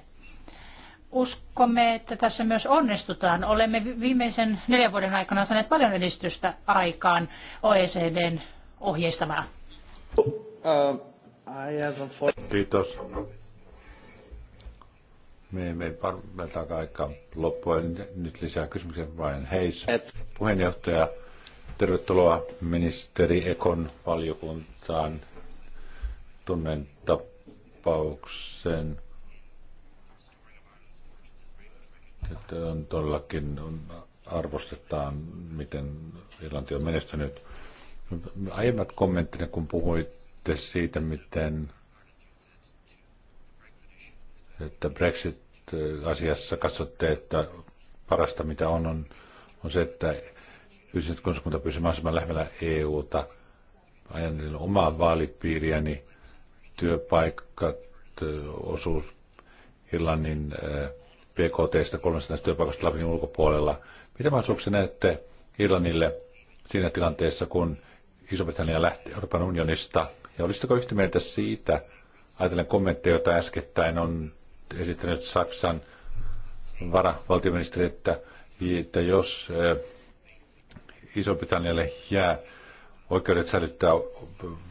uskomme, että tässä myös onnistutaan. Olemme viimeisen neljän vuoden aikana saaneet paljon edistystä aikaan OECDn ohjeistamana. Uh, Kiitos. Me emme varmaan loppuen nyt lisää kysymyksiä Brian Hayes. Puheenjohtaja, tervetuloa ministeri Ekon valiokuntaan. Tunnen tapauksen että on todellakin on, arvostetaan, miten Irlanti on menestynyt. Aiemmat kommenttina, kun puhuitte siitä, miten että Brexit-asiassa katsotte, että parasta mitä on, on, on se, että yhdistynyt kunskunta pysyy mahdollisimman lähellä EUta. Ajan omaa vaalipiiriäni, niin työpaikat, osuus Irlannin äh, PKTstä 300 työpaikasta Lapin ulkopuolella. Mitä mahdollisuuksia näette Irlannille siinä tilanteessa, kun Iso-Britannia lähti Euroopan unionista? Ja olisitko yhtä mieltä siitä, ajatellen kommentteja, joita äskettäin on esittänyt Saksan varavaltioministeri, että, että jos eh, Iso-Britannialle jää oikeudet säilyttää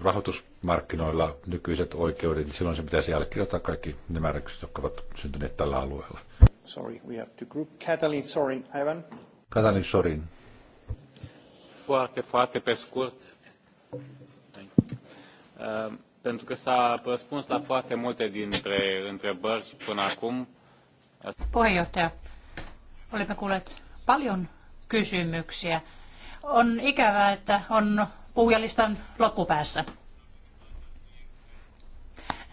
rahoitusmarkkinoilla nykyiset oikeudet, niin silloin se pitäisi allekirjoittaa kaikki ne määräykset, jotka ovat syntyneet tällä alueella. Sorry, we have to group. Katalin Sorin, Ivan. Katalin Sorin. Foarte, foarte pe scurt. Um, pentru că s-a răspuns la foarte multe dintre întrebări până acum. Puheenjohtaja, olemme kuulleet paljon kysymyksiä. On ikävää, että on puhujalistan loppupäässä.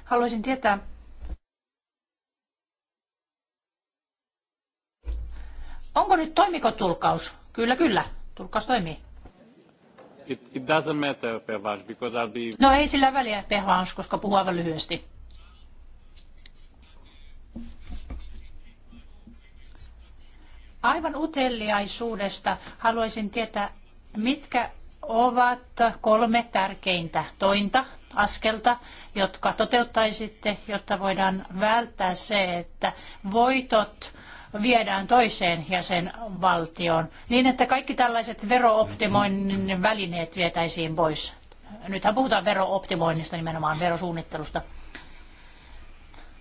Haluaisin tietää, Onko nyt, toimiko tulkaus? Kyllä, kyllä. Tulkaus toimii. It, it doesn't matter, Pervans, because I'll be... No ei sillä väliä, Pervans, koska puhuu aivan lyhyesti. Aivan uteliaisuudesta haluaisin tietää, mitkä ovat kolme tärkeintä tointa, askelta, jotka toteuttaisitte, jotta voidaan välttää se, että voitot viedään toiseen jäsenvaltioon, niin että kaikki tällaiset verooptimoinnin välineet vietäisiin pois. Nythän puhutaan verooptimoinnista, nimenomaan verosuunnittelusta.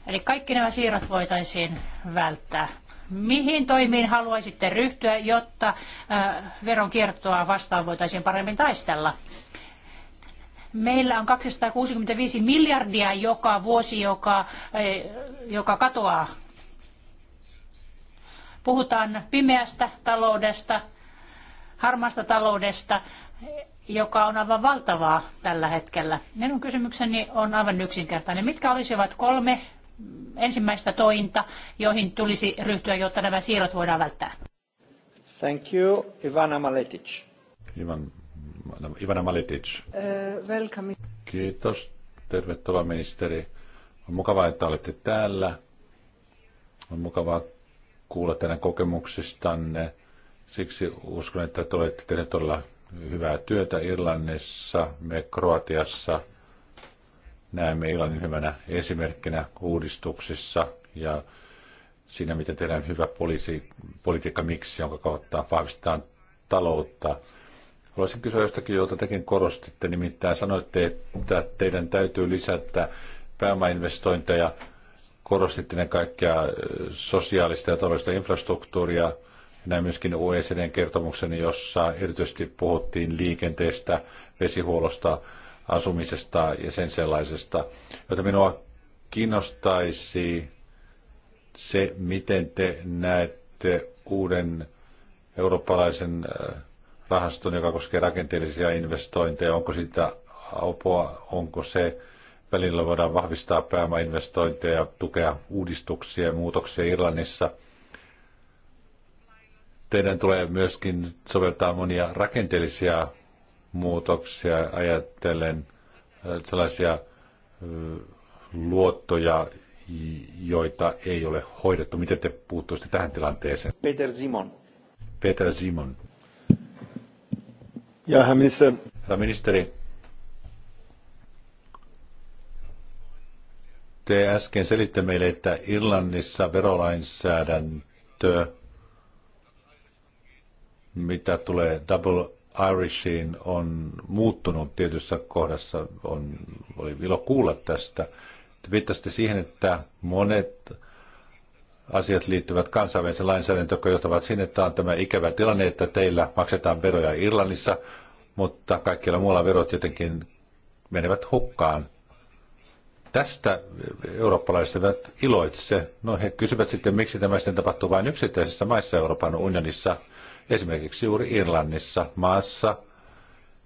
Eli kaikki nämä siirrot voitaisiin välttää. Mihin toimiin haluaisitte ryhtyä, jotta äh, veronkiertoa vastaan voitaisiin paremmin taistella? meillä on 265 miljardia joka vuosi, joka, äh, joka katoaa Puhutaan pimeästä taloudesta, harmaasta taloudesta, joka on aivan valtavaa tällä hetkellä. Minun kysymykseni on aivan yksinkertainen. Mitkä olisivat kolme ensimmäistä tointa, joihin tulisi ryhtyä, jotta nämä siirrot voidaan välttää? Thank you, Ivana Maletic. Ivan, Ivana Maletic. Uh, welcome. Kiitos. Tervetuloa ministeri. On mukavaa, että olette täällä. On mukavaa kuulla teidän kokemuksistanne. Siksi uskon, että te olette tehneet todella hyvää työtä Irlannissa, me Kroatiassa näemme Irlannin hyvänä esimerkkinä uudistuksissa ja siinä, miten tehdään hyvä poliisi, politiikka miksi, jonka kautta vahvistetaan taloutta. Haluaisin kysyä jostakin, jota tekin korostitte, nimittäin sanoitte, että teidän täytyy lisätä pääomainvestointeja korostitte ne kaikkea sosiaalista ja taloudellista infrastruktuuria. Näin myöskin OECDn kertomuksen, jossa erityisesti puhuttiin liikenteestä, vesihuollosta, asumisesta ja sen sellaisesta. Joten minua kiinnostaisi se, miten te näette uuden eurooppalaisen rahaston, joka koskee rakenteellisia investointeja. Onko siitä apua, onko se välillä voidaan vahvistaa pääomainvestointeja, tukea uudistuksia ja muutoksia Irlannissa. Teidän tulee myöskin soveltaa monia rakenteellisia muutoksia ajatellen sellaisia luottoja, joita ei ole hoidettu. Miten te puuttuisitte tähän tilanteeseen? Peter Simon. Peter Simon. Ja herra ministeri. Herra ministeri, te äsken selitte meille, että Irlannissa verolainsäädäntö, mitä tulee double Irishiin, on muuttunut tietyssä kohdassa. On, oli ilo kuulla tästä. Te viittasitte siihen, että monet asiat liittyvät kansainväliseen lainsäädäntöön, jotka johtavat sinne, että on tämä ikävä tilanne, että teillä maksetaan veroja Irlannissa, mutta kaikkialla muualla verot jotenkin menevät hukkaan. Tästä eurooppalaiset eivät iloitse. No he kysyvät sitten, miksi tämä sitten tapahtuu vain yksittäisissä maissa Euroopan unionissa, esimerkiksi juuri Irlannissa, maassa,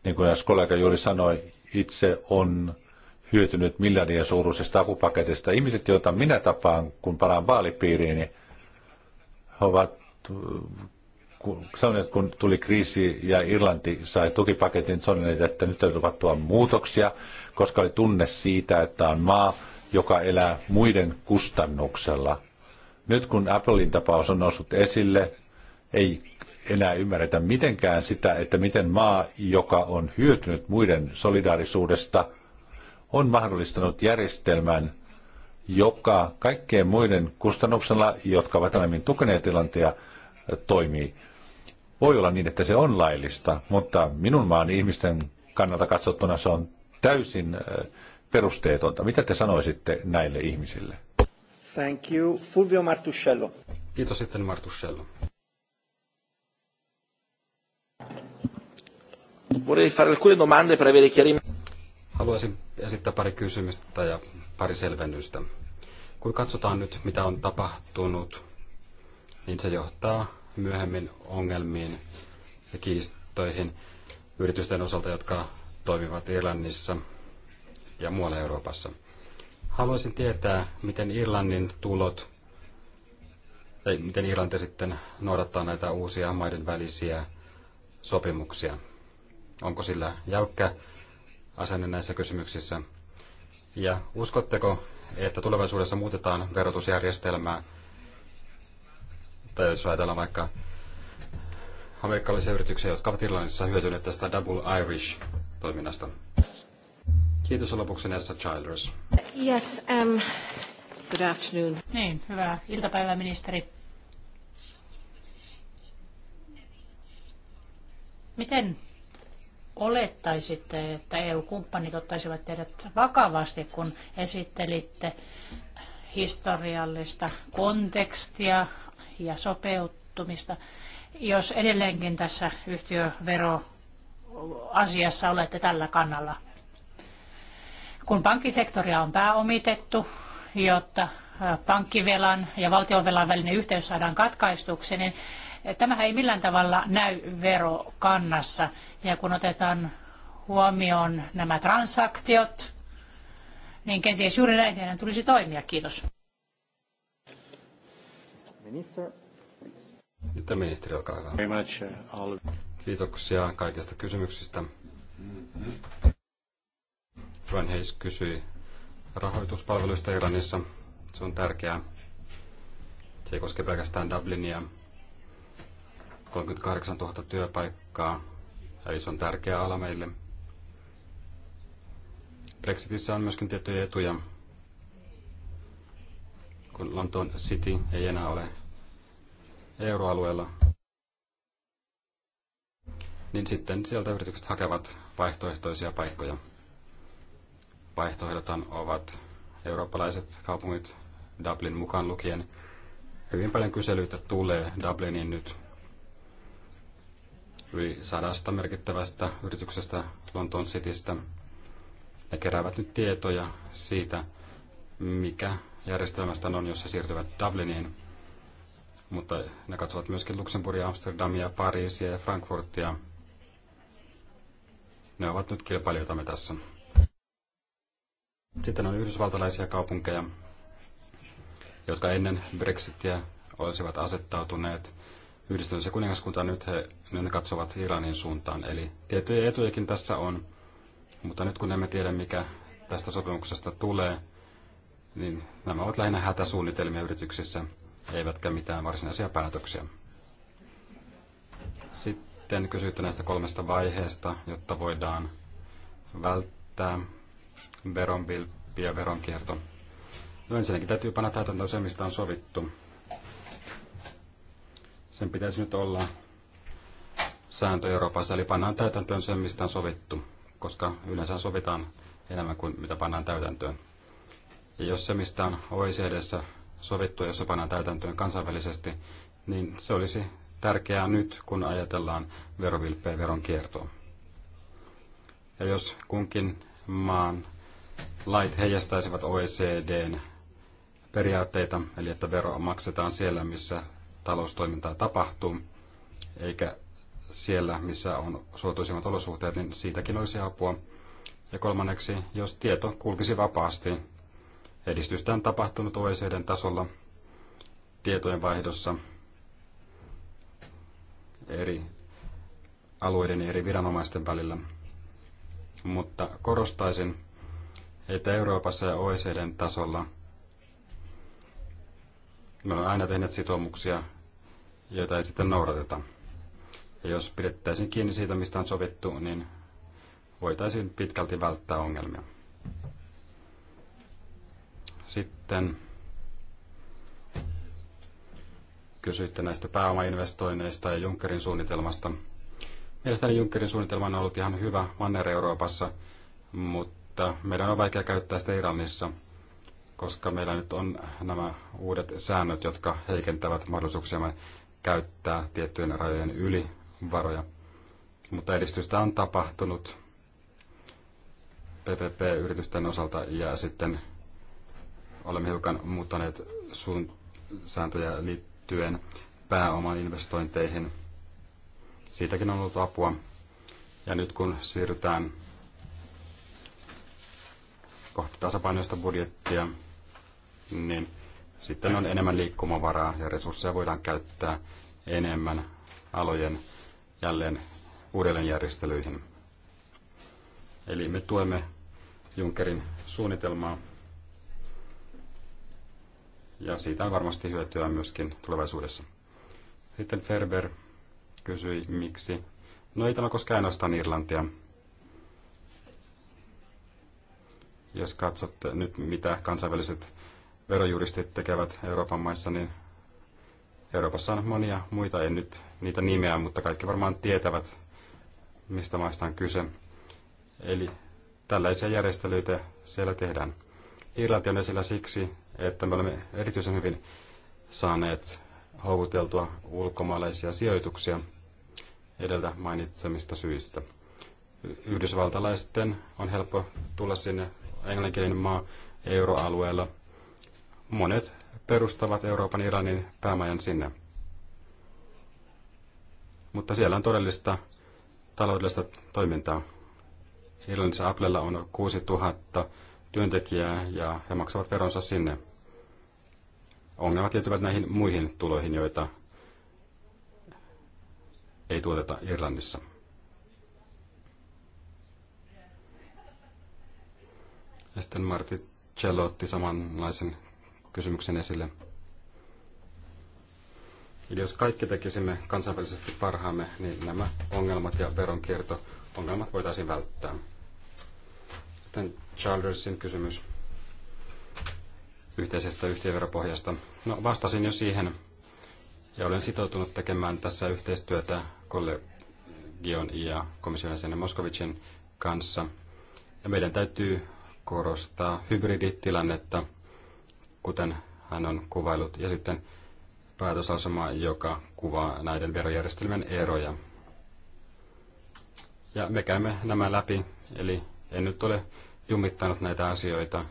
niin kuin äsken kollega juuri sanoi, itse on hyötynyt miljardien suuruisesta apupaketista. Ihmiset, joita minä tapaan, kun palaan vaalipiiriin, niin he ovat kun, kun tuli kriisi ja Irlanti sai tukipaketin, sanoneet, että nyt täytyy tapahtua muutoksia, koska oli tunne siitä, että on maa, joka elää muiden kustannuksella. Nyt kun Applein tapaus on noussut esille, ei enää ymmärretä mitenkään sitä, että miten maa, joka on hyötynyt muiden solidaarisuudesta, on mahdollistanut järjestelmän, joka kaikkien muiden kustannuksella, jotka ovat aiemmin tukeneet tilanteja, toimii voi olla niin, että se on laillista, mutta minun maan ihmisten kannalta katsottuna se on täysin perusteetonta. Mitä te sanoisitte näille ihmisille? Thank you. Fulvio Martuscello. Kiitos sitten Martuscello. Vorrei fare alcune domande per avere Haluaisin esittää pari kysymystä ja pari selvennystä. Kun katsotaan nyt, mitä on tapahtunut, niin se johtaa myöhemmin ongelmiin ja kiistoihin yritysten osalta, jotka toimivat Irlannissa ja muualla Euroopassa. Haluaisin tietää, miten Irlannin tulot, tai miten Irlanti sitten noudattaa näitä uusia maiden välisiä sopimuksia. Onko sillä jäykkä asenne näissä kysymyksissä? Ja uskotteko, että tulevaisuudessa muutetaan verotusjärjestelmää tai jos ajatellaan vaikka amerikkalaisia yrityksiä, jotka ovat Irlannissa hyötyneet tästä Double Irish-toiminnasta. Kiitos lopuksi Nessa Childers. Yes, um, good afternoon. Niin, hyvää iltapäivää ministeri. Miten olettaisitte, että EU-kumppanit ottaisivat teidät vakavasti, kun esittelitte historiallista kontekstia, ja sopeuttumista. Jos edelleenkin tässä yhtiöveroasiassa olette tällä kannalla, kun pankkisektoria on pääomitettu, jotta pankkivelan ja valtionvelan välinen yhteys saadaan katkaistuksi, niin tämähän ei millään tavalla näy verokannassa. Ja kun otetaan huomioon nämä transaktiot, niin kenties juuri näin heidän tulisi toimia. Kiitos. Minister, please. ministeri, olkaa hyvä. Very much, uh, all... Kiitoksia kaikista kysymyksistä. Ryan Hayes kysyi rahoituspalveluista Iranissa. Se on tärkeää. Se ei koske pelkästään Dublinia. 38 000 työpaikkaa, eli se on tärkeä ala meille. Brexitissä on myöskin tiettyjä etuja, kun Lontoon City ei enää ole euroalueella, niin sitten sieltä yritykset hakevat vaihtoehtoisia paikkoja. Vaihtoehdothan ovat eurooppalaiset kaupungit Dublin mukaan lukien. Hyvin paljon kyselyitä tulee Dubliniin nyt. Yli sadasta merkittävästä yrityksestä Lontoon Citystä. Ne keräävät nyt tietoja siitä, mikä järjestelmästä on, jossa siirtyvät Dubliniin. Mutta ne katsovat myöskin Luxemburgia, Amsterdamia, Pariisia ja Frankfurtia. Ne ovat nyt kilpailijoitamme tässä. Sitten on yhdysvaltalaisia kaupunkeja, jotka ennen Brexitia olisivat asettautuneet yhdistyneessä kuningaskuntaan. Nyt he, nyt katsovat Iranin suuntaan. Eli tiettyjä etujakin tässä on, mutta nyt kun emme tiedä, mikä tästä sopimuksesta tulee, niin nämä ovat lähinnä hätäsuunnitelmia yrityksissä, eivätkä mitään varsinaisia päätöksiä. Sitten kysytty näistä kolmesta vaiheesta, jotta voidaan välttää veronvilppi ja veronkierto. No ensinnäkin täytyy panna täytäntöön se, mistä on sovittu. Sen pitäisi nyt olla sääntö Euroopassa, eli pannaan täytäntöön se, mistä on sovittu, koska yleensä sovitaan enemmän kuin mitä pannaan täytäntöön. Ja jos se, mistä on OECDssä sovittu, jos se pannaan täytäntöön kansainvälisesti, niin se olisi tärkeää nyt, kun ajatellaan veron kiertoa. Ja jos kunkin maan lait heijastaisivat OECDn periaatteita, eli että vero maksetaan siellä, missä taloustoimintaa tapahtuu, eikä siellä, missä on suotuisimmat olosuhteet, niin siitäkin olisi apua. Ja kolmanneksi, jos tieto kulkisi vapaasti Edistystä on tapahtunut OECDn tasolla tietojen vaihdossa eri alueiden ja eri viranomaisten välillä. Mutta korostaisin, että Euroopassa ja OECDn tasolla me olemme aina tehneet sitoumuksia, joita ei sitten noudateta. Ja jos pidettäisiin kiinni siitä, mistä on sovittu, niin voitaisiin pitkälti välttää ongelmia. Sitten kysyitte näistä pääomainvestoinneista ja Junckerin suunnitelmasta. Mielestäni Junckerin suunnitelma on ollut ihan hyvä Manner-Euroopassa, mutta meidän on vaikea käyttää sitä Iranissa, koska meillä nyt on nämä uudet säännöt, jotka heikentävät mahdollisuuksiamme käyttää tiettyjen rajojen yli varoja. Mutta edistystä on tapahtunut PPP-yritysten osalta ja sitten olemme hiukan muuttaneet suun sääntöjä liittyen pääoman investointeihin. Siitäkin on ollut apua. Ja nyt kun siirrytään kohti tasapainoista budjettia, niin sitten on enemmän liikkumavaraa ja resursseja voidaan käyttää enemmän alojen jälleen uudelleenjärjestelyihin. Eli me tuemme Junckerin suunnitelmaa ja siitä on varmasti hyötyä myöskin tulevaisuudessa. Sitten Ferber kysyi, miksi. No ei tämä koske ainoastaan Irlantia. Jos katsotte nyt, mitä kansainväliset verojuristit tekevät Euroopan maissa, niin Euroopassa on monia muita, en nyt niitä nimeä, mutta kaikki varmaan tietävät, mistä maista on kyse. Eli tällaisia järjestelyitä siellä tehdään. Irlanti on esillä siksi, että me olemme erityisen hyvin saaneet houkuteltua ulkomaalaisia sijoituksia edeltä mainitsemista syistä. Yhdysvaltalaisten on helppo tulla sinne englanninkielinen maa euroalueella. Monet perustavat Euroopan Iranin päämajan sinne. Mutta siellä on todellista taloudellista toimintaa. Irlannissa Applella on 6000 työntekijää ja he maksavat veronsa sinne. Ongelmat liittyvät näihin muihin tuloihin, joita ei tuoteta Irlannissa. Ja sitten Martti Cello otti samanlaisen kysymyksen esille. Eli jos kaikki tekisimme kansainvälisesti parhaamme, niin nämä ongelmat ja veronkierto-ongelmat voitaisiin välttää. Sitten Childersin kysymys yhteisestä yhtiöveropohjasta. No, vastasin jo siihen ja olen sitoutunut tekemään tässä yhteistyötä kollegion ja komission jäsenen Moskovicin kanssa. Ja meidän täytyy korostaa hybriditilannetta, kuten hän on kuvailut, ja sitten päätösasema, joka kuvaa näiden verojärjestelmien eroja. Ja me käymme nämä läpi, eli en nyt ole jumittanut näitä asioita.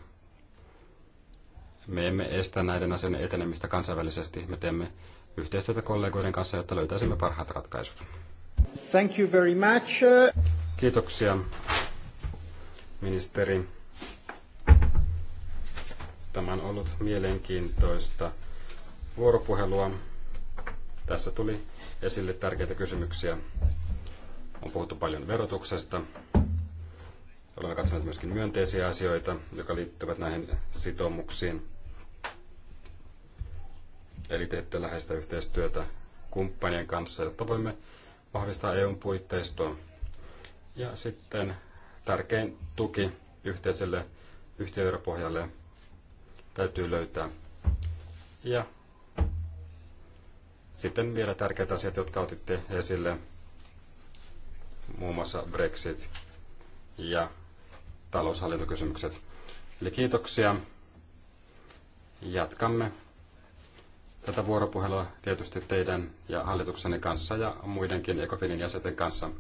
Me emme estä näiden asioiden etenemistä kansainvälisesti. Me teemme yhteistyötä kollegoiden kanssa, jotta löytäisimme parhaat ratkaisut. Thank you very much. Kiitoksia, ministeri. Tämä on ollut mielenkiintoista vuoropuhelua. Tässä tuli esille tärkeitä kysymyksiä. On puhuttu paljon verotuksesta, olemme katsoneet myöskin myönteisiä asioita, jotka liittyvät näihin sitoumuksiin. Eli teette läheistä yhteistyötä kumppanien kanssa, jotta voimme vahvistaa EUn puitteistoa. Ja sitten tärkein tuki yhteiselle yhtiöveropohjalle täytyy löytää. Ja sitten vielä tärkeät asiat, jotka otitte esille, muun muassa Brexit ja taloushallintokysymykset. Eli kiitoksia. Jatkamme tätä vuoropuhelua tietysti teidän ja hallituksenne kanssa ja muidenkin Ekofinin jäsenten kanssa.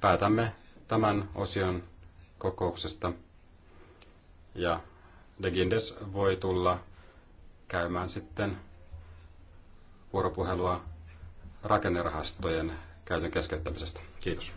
Päätämme tämän osion kokouksesta ja Degindes voi tulla käymään sitten vuoropuhelua rakennerahastojen käytön keskeyttämisestä. Kiitos.